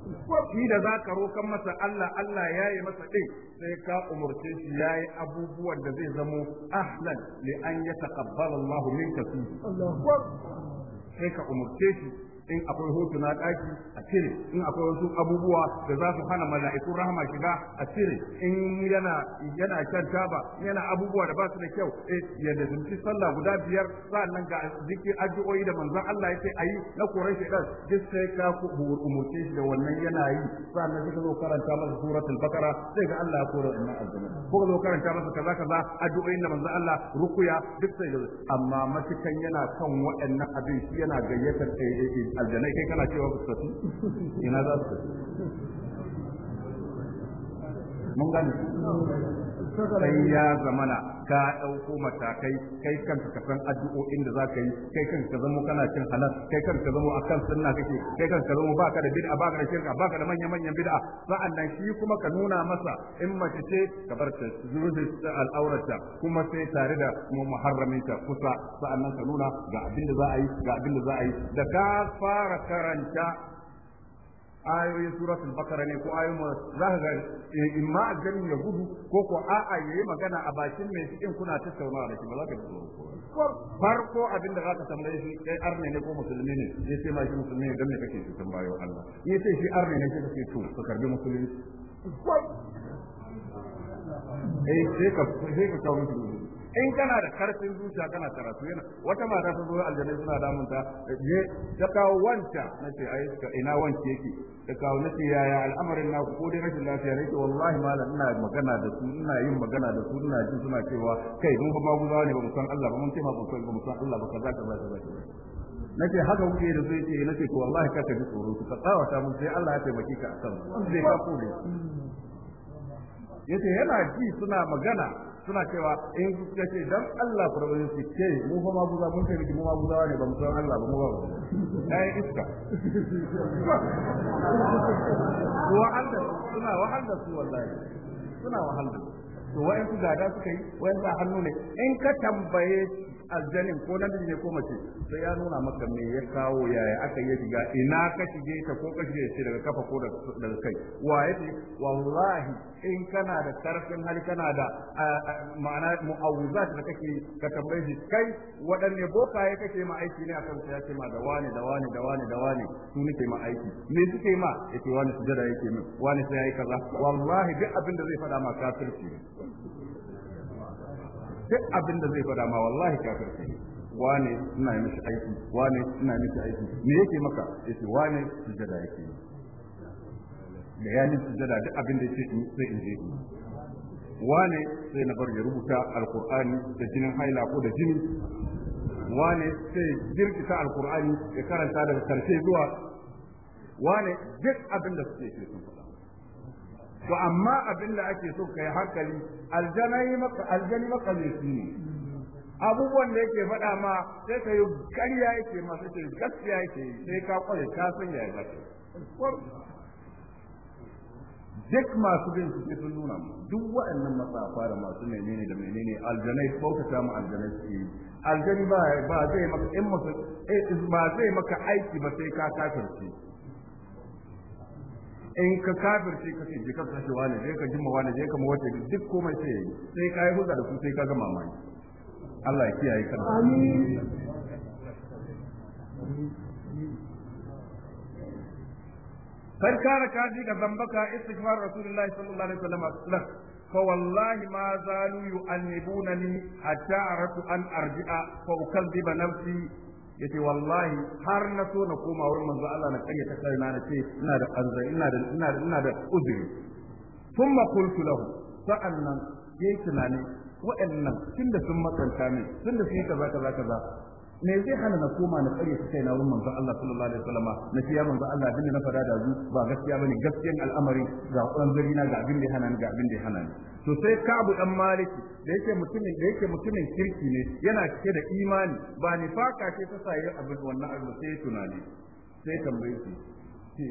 shi da zaka rokan masa Allah Allah yayi masa din sai ka umarce shi yayi abubuwan da zai zamo ahlan li an yataqabbala Allahu minka fi sai ka umarce shi in akwai hotuna daki a cire in akwai wasu abubuwa da za su hana mala'ikun rahama shiga a cire in yana yana taba yana abubuwa da ba su da kyau eh ya da zunci sallah guda biyar sannan ga zikir addu'o'i da manzon Allah yake ayi na koran shedan duk sai ka umurce shi da wannan yana yi sannan sai zo karanta masa suratul bakara sai ga Allah ya kore wannan azzama ko zo karanta masa kaza kaza addu'o'in da manzon Allah rukuya duk sai amma matukan yana kan waɗannan abin shi yana gayyatar aljanai kai kana cewa su tafi ina za su tafi mun gane sai ya zamana ka ɗauko matakai kai kanka ka san addu'o'in da za ka yi kai kanka ka zama kana cin halal kai kanka ka zama akan sunna kake kai kanka ka zama baka da bid'a baka da shirka baka da manyan manyan bid'a sa'annan shi kuma ka nuna masa in mace ce ka bar ta zuwa al'aurata kuma sai tare da mu muharraminta kusa sa'annan ka nuna ga abin da za a yi ga abin da za a yi da ka fara karanta ayoyin suratul bakara ne ko ayoyin za ka ga eh, imma ganin ya gudu ko ko a'a yayi magana a bakin mai cikin kuna tattaunawa da shi ba za ka ji farko abin da za ka tambaye shi kai arne ne ko musulmi ne ya ce ma shi musulmi ne dan me kake cikin bayo Allah ya ce shi arne ne kake to ka karbi musulmi eh sai ka sai ka tawo in kana da karfin zuciya kana karatu yana wata mata ta zo aljanna suna damun ta je ta kawo wanta nace ai ina wanke yake ta kawo nace yaya al'amarin na ko dai rashin lafiya nake wallahi malam ina magana da su ina yin magana da su ina jin suna cewa kai mun ba maguzawa ne ba mu san Allah ba mun ce ma ba mu san Allah ba kaza kaza kaza nace haka kuke da zai ce nace to wallahi ka ka ji tsoro ka tsawata mun sai Allah ya taimake ka akan zai ka kule yace yana ji suna magana suna cewa eh, in kuka ce dan Allah farbayin su ce mu fa ma buza mun kai mu ma buza ne ba mu san Allah ba mu ba ai iska wa anda suna wahal da su wallahi suna wahal da to wa'in su gada suka yi wa'in su hannu ne in ka tambaye aljanin ko namiji ne ko mace sai ya nuna maka me ya kawo yaya aka yi shiga ina ka shige ta ko ka shige shi daga kafa ko daga kai wa yace wallahi in kana da karfin hali kana da ma'ana mu'awuzat da kake ka tambaye shi kai waɗanne bokaye kake ma aiki ne akan sai yake ma da wani da wani da wani da wani su nake ma aiki me suke ma yake wani sujada yake min wani sai yayi kaza wallahi duk abin da zai faɗa ma kafirci ne duk abin da zai faɗa ma wallahi kafirci wane ina mishi aiki wane ina mishi aiki me yake maka yace wane sujada yake da yayin sujada duk abin da yake sai in je wane sai na bar ya rubuta alqur'ani da jinin haila ko da jini wane sai jirkita alqur'ani ya karanta daga karshe zuwa wane duk abin da suke ke sun to amma abin da ake so kai hankali aljanai maka aljani maka ne shi ne abubuwan da yake faɗa ma sai ka yi ƙarya yake masu ce gaskiya yake sai ka kware ka san ya zaka duk masu bin su ke sun nuna duk waɗannan matsafa da masu menene da menene aljanai bautata mu aljanai su yi aljani ba ba zai maka in eh, ba zai maka aiki ba sai ka kafirce in ka sai ka ce je ka sace wani je ka jimma wani je ka mawace duk komai sai yayi sai ka yi hulɗa da su sai ka ga mamaki Allah ya kiyaye ka kar kare ka ji ga zambaka istighfar rasulullahi sallallahu alaihi wasallam lak fa wallahi ma zalu yu'annibunani hatta aratu an arji'a fa ukadhiba nafsi yace wallahi har na so na koma wurin manzo Allah na kariya ta kai na na ce ina da anzari ina da ina da ina da uzuri thumma qultu lahu sa'annan yayi tunani wa'annan tunda sun makanta ne tunda sun yi kaza kaza kaza me zai hana na koma na tsare ta kai na wurin manzo Allah sallallahu alaihi wasallam na ce ya manzo Allah abin na fada da zu ba gaskiya bane gaskiyan al'amari ga ƙwanzari na ga abin da hana ni ga abin da hana ni to sai kabu dan maliki da yake mutumin da yake mutumin kirki ne yana cike da imani ba nifaka ce ta sayi abin wannan abu sai tunani sai tambaye shi ce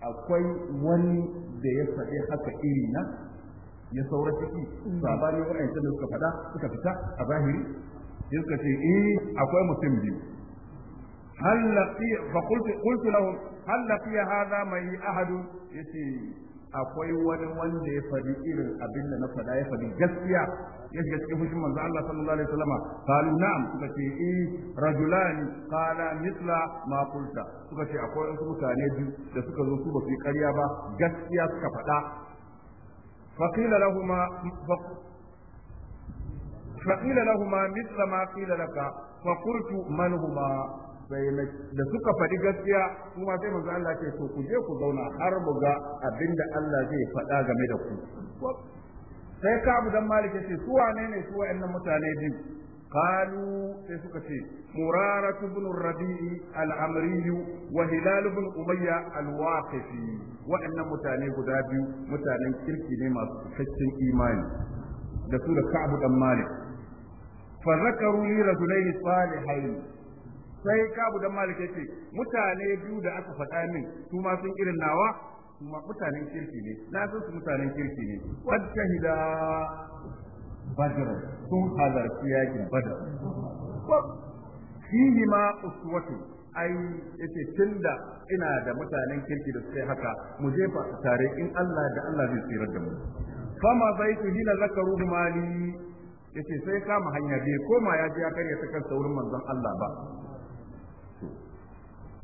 akwai wani da ya faɗi haka iri na ya saura ciki sabani wa'ancan da suka faɗa suka fita a zahiri suka ce eh akwai mutum biyu hal laqiya fa qultu qultu lahu hal laqiya hadha mai ahadu yace akwai wani wanda ya faɗi irin abin da na faɗa ya faɗi gaskiya ya shiga cikin fushin manzo Allah sallallahu alaihi wasallam qalu na'am suka ce i, eh, rajulan qala mithla ma qulta suka ce akwai wasu mutane biyu da suka zo su ba su yi ƙarya ba gaskiya suka faɗa faqila lahumma lahumma mithla ma qila laka fa qultu man huma. sai na da suka faɗi gaskiya kuma sai manzo Allah ce to ku je ku zauna har mu ga abinda Allah zai faɗa game da ku sai ka abu dan malike yace su wane ne su wa'annan mutane din qalu sai suka ce murarat ibn rabi'i al-amri wa hilal ibn umayya al-waqifi wa'annan mutane guda biyu mutanen kirki ne masu cikakken imani da su da ka'ab dan malik fa zakaru li rajulaini salihayn sai kabu dan malik yace mutane biyu da aka faɗa min su ma sun irin nawa su ma mutanen kirki ne na san su mutanen kirki ne wajhida badr sun halarci yakin badr fihi ma uswatu ai yace tunda ina da mutanen kirki da suka haka mu je fa tare in Allah da Allah zai tsira da mu fama baitu hina zakaru mali yace sai kama hanya bai koma ya je ya karya ta kansa wurin manzon Allah ba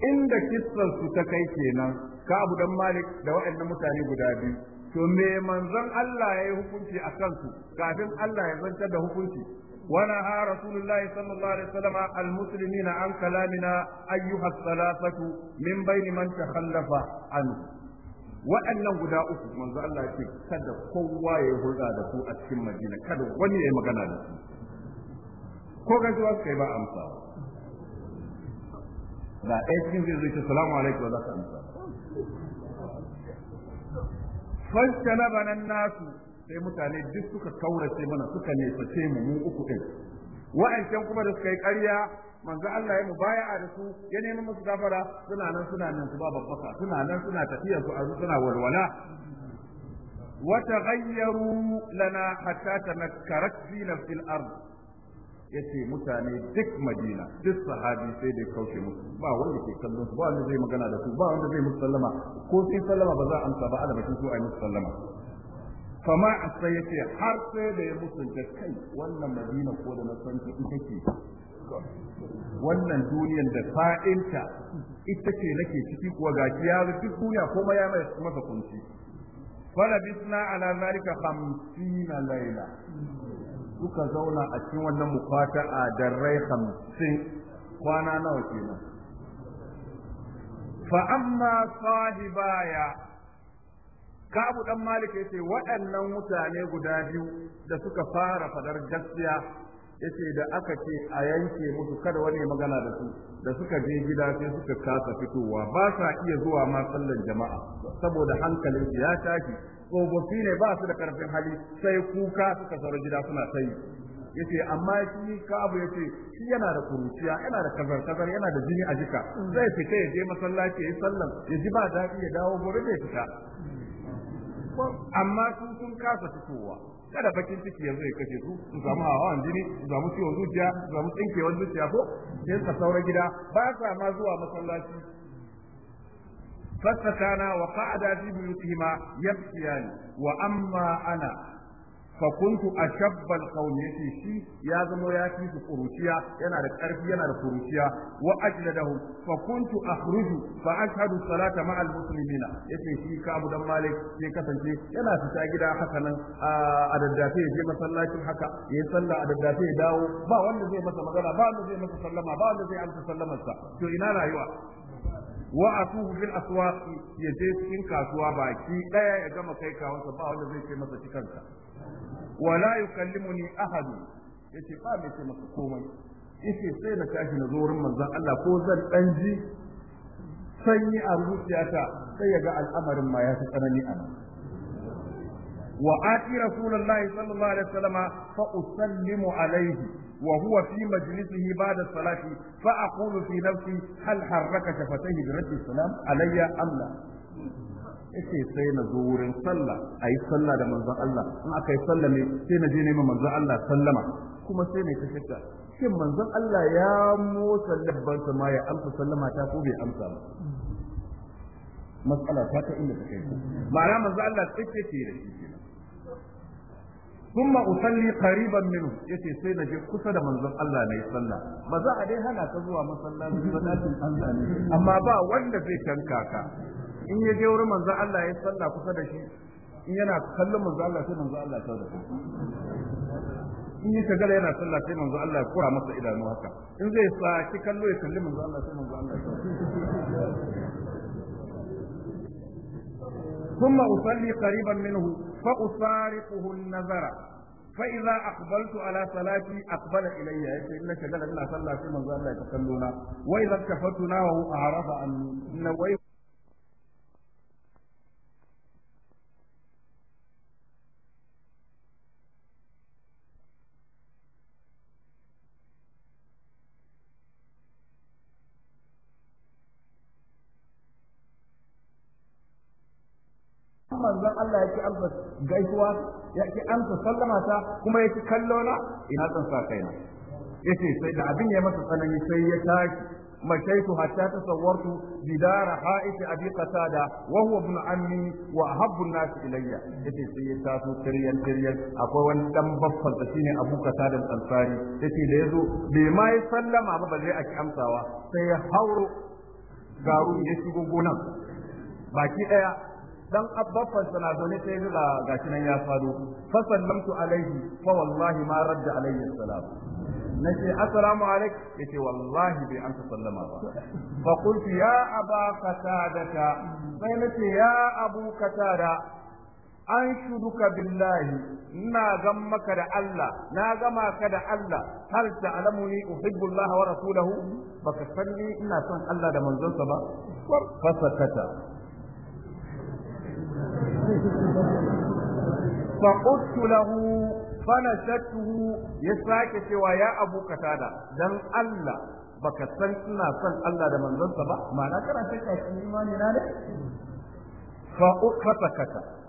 inda kissan su ta kai kenan ka abu dan malik da waɗannan mutane guda biyu to me manzon Allah ya yi hukunci a kansu kafin Allah ya zantar da hukunci ونهى ha rasulullahi sallallahu alaihi wasallam al muslimina an kalamina ayyuha salafatu min bayni man takhallafa an wa'annan guda uku manzon Allah ya ce kada kowa ya hulɗa da ku a cikin Madina kada wani ya yi magana da su ko gaisuwa kai ba amsa. ga ɗaya cikin zai zai ce salamu alaikum wa za ka amsa banan nasu sai mutane duk suka kaurace mana suka nesace mu mu uku ɗin wa'ancan kuma da suka yi ƙarya manzo Allah ya mu a da su ya nemi musu gafara suna nan suna nan su ba babbaka suna nan suna tafiya su a suna walwala وتغيروا لنا حتى hatta فينا fil الأرض Ya ce mutane duk madina duk sahabi sai dai kauce musu ba wanda ke kallon su ba wanda zai magana da su ba wanda zai musu sallama ko sai sallama ba za a amsa ba a da bakin su a yi musu sallama fama a sai ce har sai da ya mutunta kai wannan madina ko da na san ki ita ce wannan duniyar da fa'inta ita ce nake ciki kuwa gashi ya duk duniya komai ya mai masa kunci فلبثنا على ذلك خمسين ليلة suka zauna a cikin wannan a da rai hamsin kwana nawa kenan fa amma sahibaya kabu dan malik yace waɗannan mutane guda biyu da suka fara fadar gaskiya yace da aka ce a yanke musu kada wani magana da su da suka je gida sai suka kasa fitowa ba sa iya zuwa ma sallan jama'a saboda hankalin ya tashi tsofaffi ne ba su da karfin hali sai kuka suka sauri gida suna sayi yace amma shi kabu yace shi yana da kuruciya yana da kazar kazar yana da jini a jika zai fita ya je masallaci ya yi sallan ya ji ba daɗi ya dawo gobe zai fita amma sun sun kasa fitowa kada bakin ciki yanzu ya kashe su su samu hawan jini su samu ciwon zuciya su samu tsinkewar zuciya ko sai ka saura gida ba sa ma zuwa masallaci فاستكانا وقعدا في بيوتهما يبكيان واما انا فكنت اشب القوم يتي شي يا زمو يا في قروشيا يانا da ƙarfi yana da kuruciya wa ajladahum fa kuntu akhruju fa ashhadu salata ma'a almuslimina yace shi kabu dan malik sai kasance yana fita gida haka nan a daddafe ya je masallacin haka yayi sallah a daddafe ya dawo ba wanda zai masa magana ba wanda zai masa sallama ba wanda zai amsa sallamarsa to ina rayuwa wa'atuhu fil aswaq ya je cikin kasuwa baki daya ya gama kai kawansa ba wanda zai ce masa cikanka wa la yukallimuni ahadu yace ba mai ce masa komai yace sai na tashi na zo wurin manzon Allah ko zan dan ji sanyi a zuciyata sai ya ga al'amarin ma ya ta tsanani a nan wa ati rasulullahi sallallahu alaihi wasallama fa usallimu alaihi وهو في مجلسه بعد الصلاة فأقول في نفسي هل حرك شفتيه برد السلام علي أم لا yace sai na zo wurin sallah a yi sallah da manzon Allah in aka yi sallah ne sai na je neman manzon Allah sallama kuma sai ne ta shakka shin manzon Allah ya motsa labbansa ma ya amsa sallama ta ko bai amsa ba matsala ta ta inda ta kai ma'ana manzon Allah tsike ce da shi thumma usalli qariban minhu yace sai na je kusa da manzon Allah nayi sallah ba za a dai hana ka zuwa masallaci salatin Allah ne amma ba wanda zai tanka ka in ya je wurin manzon Allah yayi sallah kusa da shi in yana kallon manzon Allah sai manzon Allah ta da in yi shagala yana sallah sai manzo Allah ya kura masa idanu haka in zai saki kallo ya kalli manzo Allah sai manzo Allah ya ثم أصلي قريبا منه فأفارقه النظر فإذا أقبلت على صلاتي أقبل إلي إن شغل إلا صلى في منظر لا يتكلمنا وإذا اكتفتنا وهو أعرض عن نويه manzon Allah yake amsa gaisuwa yake amsa sallama ta kuma yake kallo na ina san sa kaina yace sai da abin ya masa tsanani sai ya tashi مشيت حتى تصورت جدار حائط ابي قتاده وهو ابن عمي واحب الناس Ya yace sai ya taso tiryan tiryan akwai wani dan baffan da shine abu qatada al-ansari yace da yazo bai ma sallama ba zai aki amsawa sai ya hauro garu ya shigo gonan baki daya dan abbafan sana zaune sai ga gashi nan ya faru fa sallamtu alaihi fa wallahi ma radda alayhi salam nace assalamu alaik yace wallahi bai amsa sallama ba fa qultu ya aba qatadata sai nace ya abu qatada an shuduka billahi ina gan maka da Allah na gama ka da Allah har ta alamuni Allah wa rasulahu baka sanni ina son Allah da manzonsa ba fa sakata فقلت له ya يساك cewa ya أبو قتادة دم الله baka san ina son Allah da manzonsa ba ma'ana kana sai ka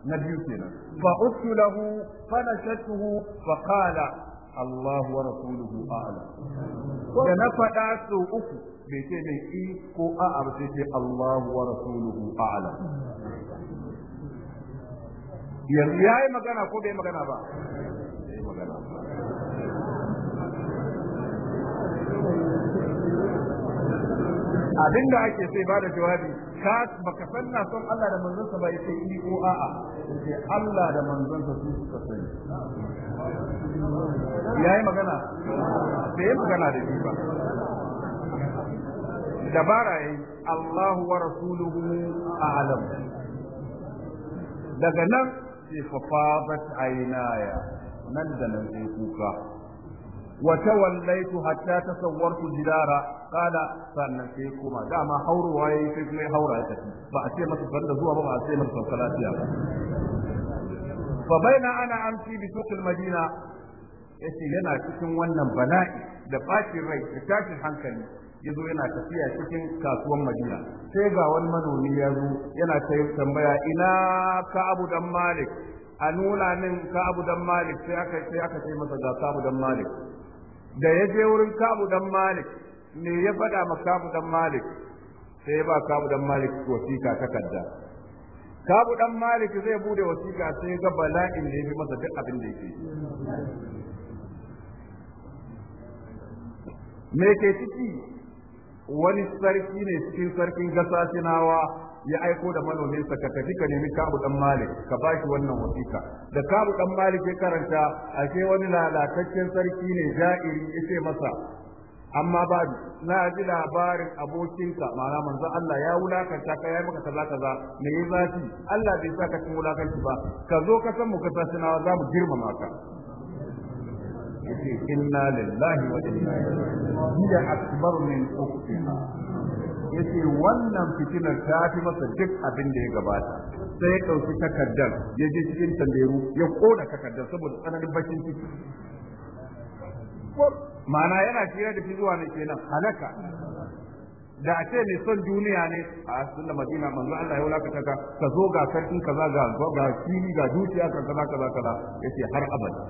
na biyu kenan fa uktu lahu fa nashatuhu fa qala Allah wa rasuluhu a'lam da na faɗa sau uku bai ce mai i ko a'a ba sai ce Allah wa rasuluhu a'lam yanzu ya yi magana ko bai magana ba abin da ake sai ba da jawabi ka baka san na son Allah da manzonsa ba yace ni ko a'a yace Allah da manzonsa su suka sani yayi magana bai magana da shi ba dabara yayi Allahu wa rasuluhu a'lam daga nan ce fa fadat aynaya nan da nan sai kuka wa tawallaitu hatta tasawwartu jidara qala sannan sai kuma dama hauruwa yayi sai kuma haura ya ba a ce masa banda zuwa ba ba a ce masa sauka lafiya ba fa baina ana amsi bi suqil madina yace yana cikin wannan bala'i da bacin rai da tashin hankali ya zo yana tafiya cikin kasuwan madina sai ga wani manomi ya zo yana tambaya ina ka abu dan malik a nuna min ka abu dan malik sai aka sai aka ce masa ga ka abu dan malik da ya je wurin ka abu dan malik me ya faɗa ma ka abu dan malik sai ya ba ka abu dan malik wasiƙa takarda ka abu dan malik zai bude wasiƙa sai ga bala'in da ya fi masa duk abin da yake me ke ciki wani sarki ne cikin sarkin gasasinawa ya aiko da manominsa ka tafi ka nemi kabu dan malik ka bashi wannan wasiƙa da kabu dan malik ya karanta ashe wani lalataccen sarki ne ja'iri ce masa amma ba na ji labarin abokinka ma'ana manzo Allah ya wulakanta ka yayi maka kaza kaza me yi zafi Allah bai saka ka cikin wulakanci ba ka zo ka san mu ka za mu girmama ka yace inna lillahi wa inna ilaihi hiya akbar min ukhtiha yace wannan fitinar ta fi masa duk abin da ya gabata sai ya dauki takardar ya je cikin tanderu ya kona takardar saboda tsananin bakin ciki ma'ana yana kira da zuwa ne kenan halaka da a ce mai son duniya ne a sunna madina manzo Allah ya wulaka ka ka zo ga karfin kaza ga ga shi ga dukiya kan kaza kaza kaza yace har abada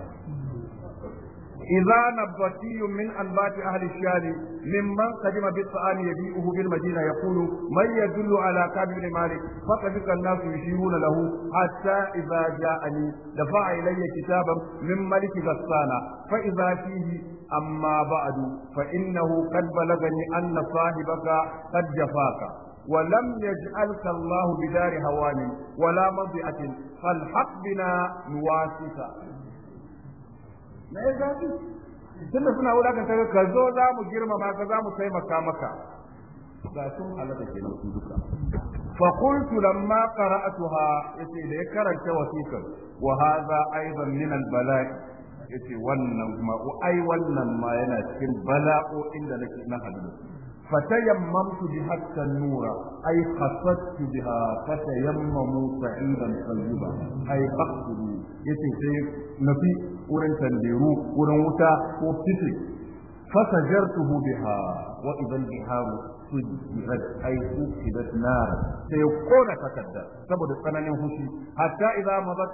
إذا نبتي من أنبات أهل الشام ممن قدم بالطعام يبيئه بالمدينة يقول من يدل على كعب بن مالك فطفق الناس يشيرون له حتى إذا جاءني دفع إلي كتابا من ملك غسان فإذا فيه أما بعد فإنه قد بلغني أن صاحبك قد جفاك ولم يجعلك الله بدار هوان ولا مضيئة فالحق بنا نواسك na ya zafi tunda suna wulakanta ka ka zo za mu girmama ka za mu taimaka maka ga sun halaka ke nan duka fa qultu lamma qara'atuha yace da ya karanta wasiqar wa hadha aidan min al-bala'i yace wannan kuma ai wannan ma yana cikin bala'o'in da nake na hadisi فتيممت بها التنور أي قصدت بها فتيمموا سعيدا طيبا أي قصدوا yace sai nafi wurin tanderu wurin wuta ko fiti fasajartuhu biha wa idan biharu sujjirat ay ukidat nar sai kona takadda saboda tsananin hushi hatta idza mabat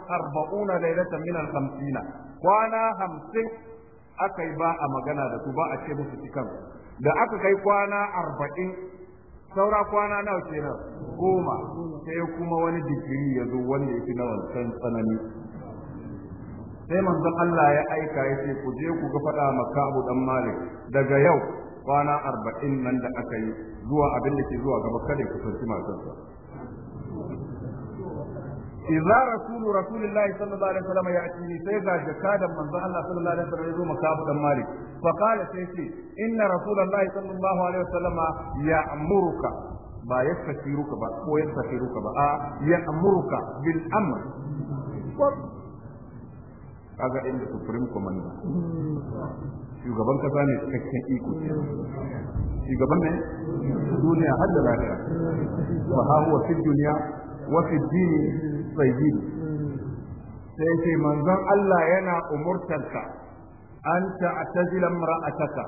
40 laylatan min al 50 kwana 50 akai ba a magana da su ba a ce musu cikan da aka kai kwana 40 saura kwana nawa kenan goma sai kuma wani digiri ya zo wanda ya fi na wancan tsanani sai manzon Allah ya aika ya ce ku je ku ga faɗa maka Abu dan Malik daga yau kwana arba'in nan da aka yi zuwa abin da ke zuwa gaba kada ku sanci matarsa idza rasulu rasulillahi sallallahu alaihi wasallam ya ati sai ga jakadan manzon Allah sallallahu alaihi wasallam ya zo maka Abu dan Malik fa qala sai ce inna rasulullahi sallallahu alaihi wasallam amuruka ba yastasiruka ba ko yastasiruka ba a amuruka bil amr kaga inda supreme commander shugaban kasa ne cikakken iko shugaban ne duniya har da lafiya wa ha huwa fi duniya wa fi dini sayyid sai ce manzon Allah yana umurtanka an ta'tazila imra'ataka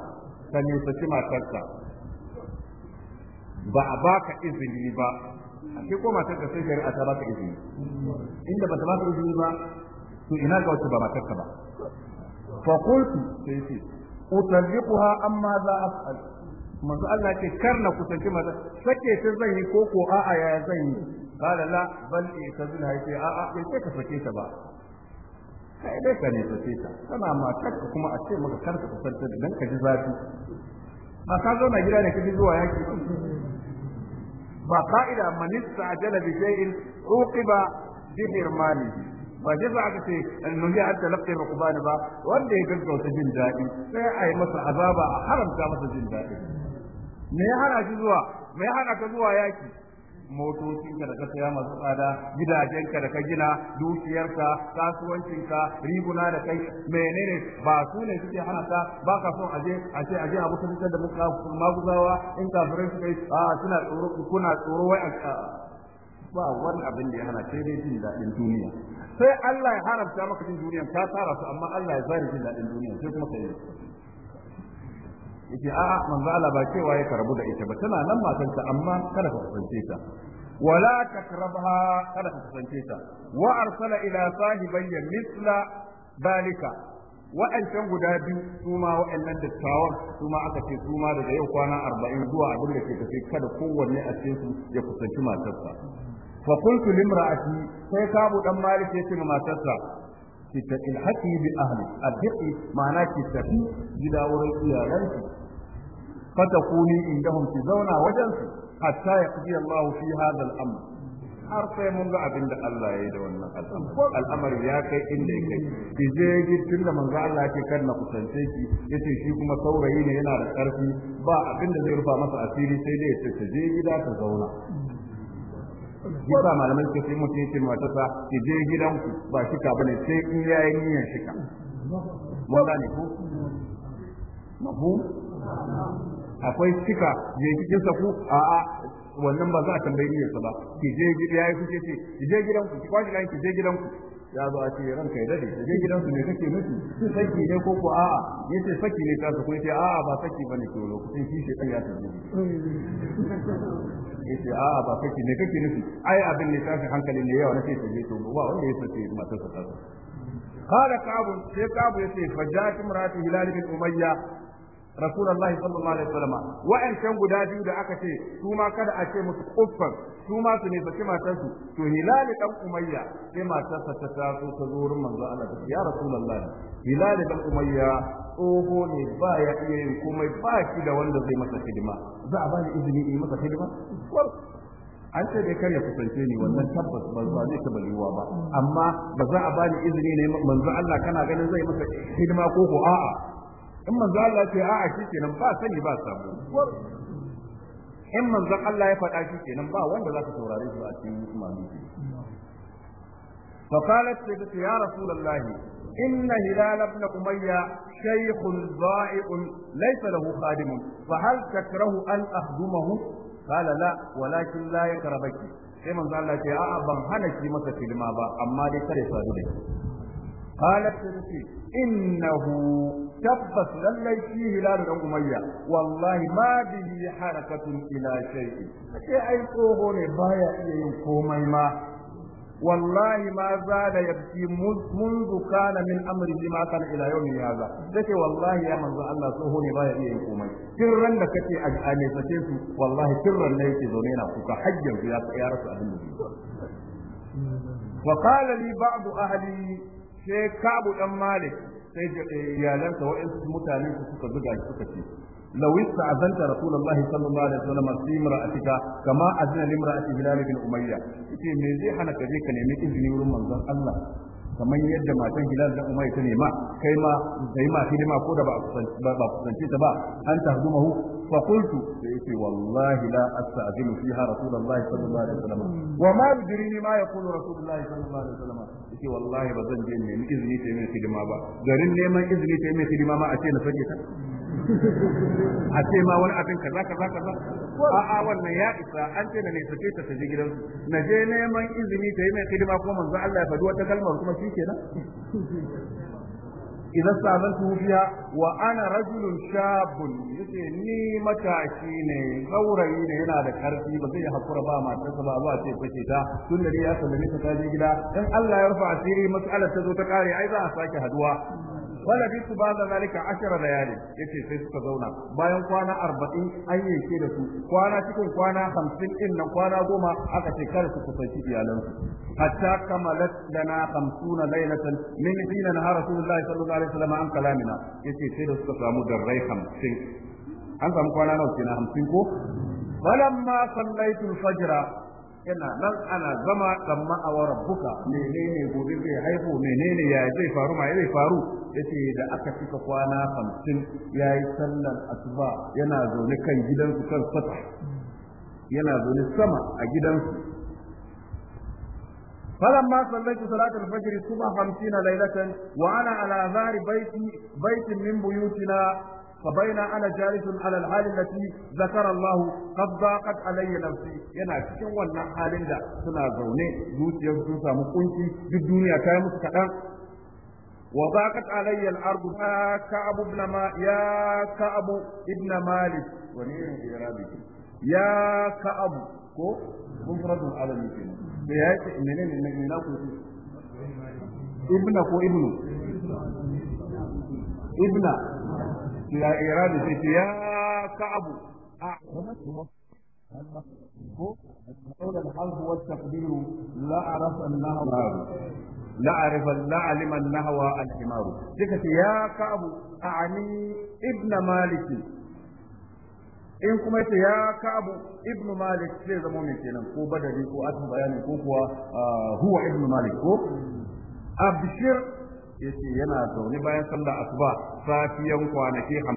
ka nisaci matarka ba a baka izini ba a ko matarka sai shari'a ta baka izini inda ba ta baka izini ba to ina ga wacce ba matarka ba fa qultu sai ce utalliquha amma za af'al manzo Allah ce kar na kusanci mata sake ta zan yi ko ko a'a ya zan yi qala la bal itazilha yace a'a bai sai ka sake ta ba kai dai ka ne sake ta kana matarka kuma a ce maka kar ka kusanta dan ka ji zafi ba ka zauna gida ne ji zuwa yaki ba ka'ida man istajala bi shay'in uqiba bi hirmanihi ba zai za aka ce annabi har talaqi bani ba wanda ya gaggauta jin daɗi sai a yi masa azaba a haramta masa jin daɗi me ya hana shi zuwa me ya hana ka zuwa yaki motocinka da ka saya masu tsada gidajenka da ka gina dukiyarka kasuwancinka riguna da kai menene ba su ne suke hana ka ba ka son aje a ce aje a mutuntar da maguzawa in kafirai su kai a ah, suna tsoro kuna tsoro wai ba wani abin da ya hana sai dai jin daɗin duniya sai Allah ya haramta maka jin duniya ka tsara su amma Allah ya zari jin daɗin duniya sai kuma kai yake a'a manzo Allah ba cewa ya karbu da ita ba tana nan matanta amma kada ka kusance ta wala takrabha kada ka kusance ta wa arsala ila sahibayya misla balika wa'ancan guda biyu su ma wa'annan dattawan su ma aka ce su ma daga yau kwana arba'in zuwa abin da ke tafi kada kowanne a cikin su ya kusanci matarsa fa qultu limra'ati sai kabu dan malik yace ma matarsa ki ta ilhaqi bi ahli alhiqi ma'ana ki tafi gida wurin iyalanki fa takuni indahum ki zauna wajensu hatta yaqdi Allah fi hadha al-amr har sai mun ga abin Allah ya yi da wannan al'amari al'amari ya kai inda ya kai ki je tun da manzo Allah yake kar na kusance ki yace shi kuma saurayi ne yana da karfi ba abin da zai rufa masa asiri sai dai ya ce je gida ta zauna yasa malamai ke sai mutum yake mata sa ki je gidanku ba shi ka bane sai in yayi niyyar ka mun gane ko mafu akwai shika je cikin ku a a wannan ba za a tambayi niyyar ba ki je gida yayi kuke ki je gidanku ki kwashi kan ki je gidanku ya zo a ce ranka ya dade da gidansu ne kake nufi saki ne ko ko a'a ce saki ne ta ko ce a'a ba saki bane to lokacin shi shi ya tafi a'a ba saki ne kake nufi ai abin ne tafi hankali ne yawa na nace ta je to ba wanda ya sace ta sa ta kabu كعب سي كعب يسي فجاءت امرأة هلال بن umayya rasulullahi sallallahu alaihi wasallam wa'ancan guda biyu da aka ce su ma kada a ce musu kuffar su ma su ne saki su to hilal dan umayya sai matarsa ta taso ta zo wurin manzo Allah ta ya rasulullahi hilal dan umayya tsoho ne ba ya iya yin komai ba shi da wanda zai masa hidima za a ba ni izini in masa hidima an ce dai kar ya kusance ni wannan tabbas ba za zai taba yiwuwa ba amma ba za a bani izini ne manzo Allah kana ganin zai masa hidima ko ko a'a in manzo Allah ya ce a'a shikenan ba sani ba sabo in manzo Allah ya faɗa shikenan ba wanda zaka saurare shi a cikin mamaki fa qalat sai ya rasulullahi إن هلال بن أمية شيخ ضائع ليس له خادم فهل تكره أن أخدمه قال لا ولكن لا يكرهك sai manzo Allah ce a'a ban hana shi masa filma ba amma dai kare sadu da qalat tirsi innahu tabbas lallai shi hilal dan umayya wallahi ma bihi harakatun ila shay'i sai ai tsoho ne baya iya yin komai ma والله ما زال يبكي منذ كان من امره ما كان الى يوم هذا دake wallahi ya manzo Allah tsoho ne baya iya yin komai kirran da kace a ne sace su wallahi kirran ne yake zaune yana kuka hajjar ya ya rasu abin da wa qala li ba'd ahli sai kabu dan malik sai eh, iyalansa waɗansu mutane su suka zuga shi suka ce lawista azanta rasulullahi sallallahu alaihi wasallam fi imra'atika kama azna li imra'ati bilal bin umayya yace me zai hana kare ka nemi izini wurin manzon Allah kamar yadda matan Hilal da Umayya ta nema kai ma kai ma hidima ko da ba ba ta ba an hu? فقلت سيتي والله لا أستأذن فيها رسول الله صلى الله عليه وسلم وما يدريني ما يقول رسول الله صلى الله عليه وسلم يتي والله بزن جين من إذني تيمي خدمة با غرين نيما إذني تيمي خدمة ما أتينا فجيتا أتي ما ولا أتين كذا كذا كذا a'a wannan ya isa an ce na ne sace ta tafi gidansu na je neman izini ta yi mai hidima ko manzo Allah ya faɗi wata kalmar kuma shikenan idan sanar su fiya wa ana rajulun shabun yace ni matashi ne saurayi ne yana da karfi ba zai hakura ba matarsa ba zuwa ce fake ta tun da ya sallame ta ta je gida dan Allah ya rufa asiri mas'alar ta zo ta ƙare ai za a sake haduwa walabi su ba da zalika ashara layali yace sai suka zauna bayan kwana arba'in an yanke da su kwana cikin kwana hamsin din nan kwana goma aka ce kar su kusanci iyalansu hatta kamalat lana hamsuna laylatan min hina na rasulullahi sallallahu alaihi wasallam an kalamina yace sai da suka samu darrai hamsin an samu kwana nawa kenan hamsin ko falamma sallaitul fajra yana nan ana zama dan ma'awar rabbuka menene gobe zai haihu menene ya zai faru ma zai faru yace da aka cika kwana 50 yayi sallar asuba yana zaune kan gidansu kan sata, yana zaune sama a gidansu فلما صليت صلاة الفجر الصبح خمسين ليلة وأنا على ذار بيتي بيت من بيوتنا فبين انا جالس على الحال التي ذكر الله قد ضاقت علي نفسي yana cikin wannan halin da suna zaune zuciyar sun samu kunci duk duniya ta yi musu kaɗan وضاقت علي الارض يا كعب ابن ما يا كعب ابن مالك ونير اعرابك يا كعب كو مفرد العالم كده ya ce menene ne na ku ibna ko ibnu ibna ya irada sai ya ka'abu a in kuma yace ya ibnu malik zai zama mai kenan ko badari ko asu bayani ko kuwa huwa ibnu malik ko abshir yace yana zaune bayan sallar asuba safiyan kwanaki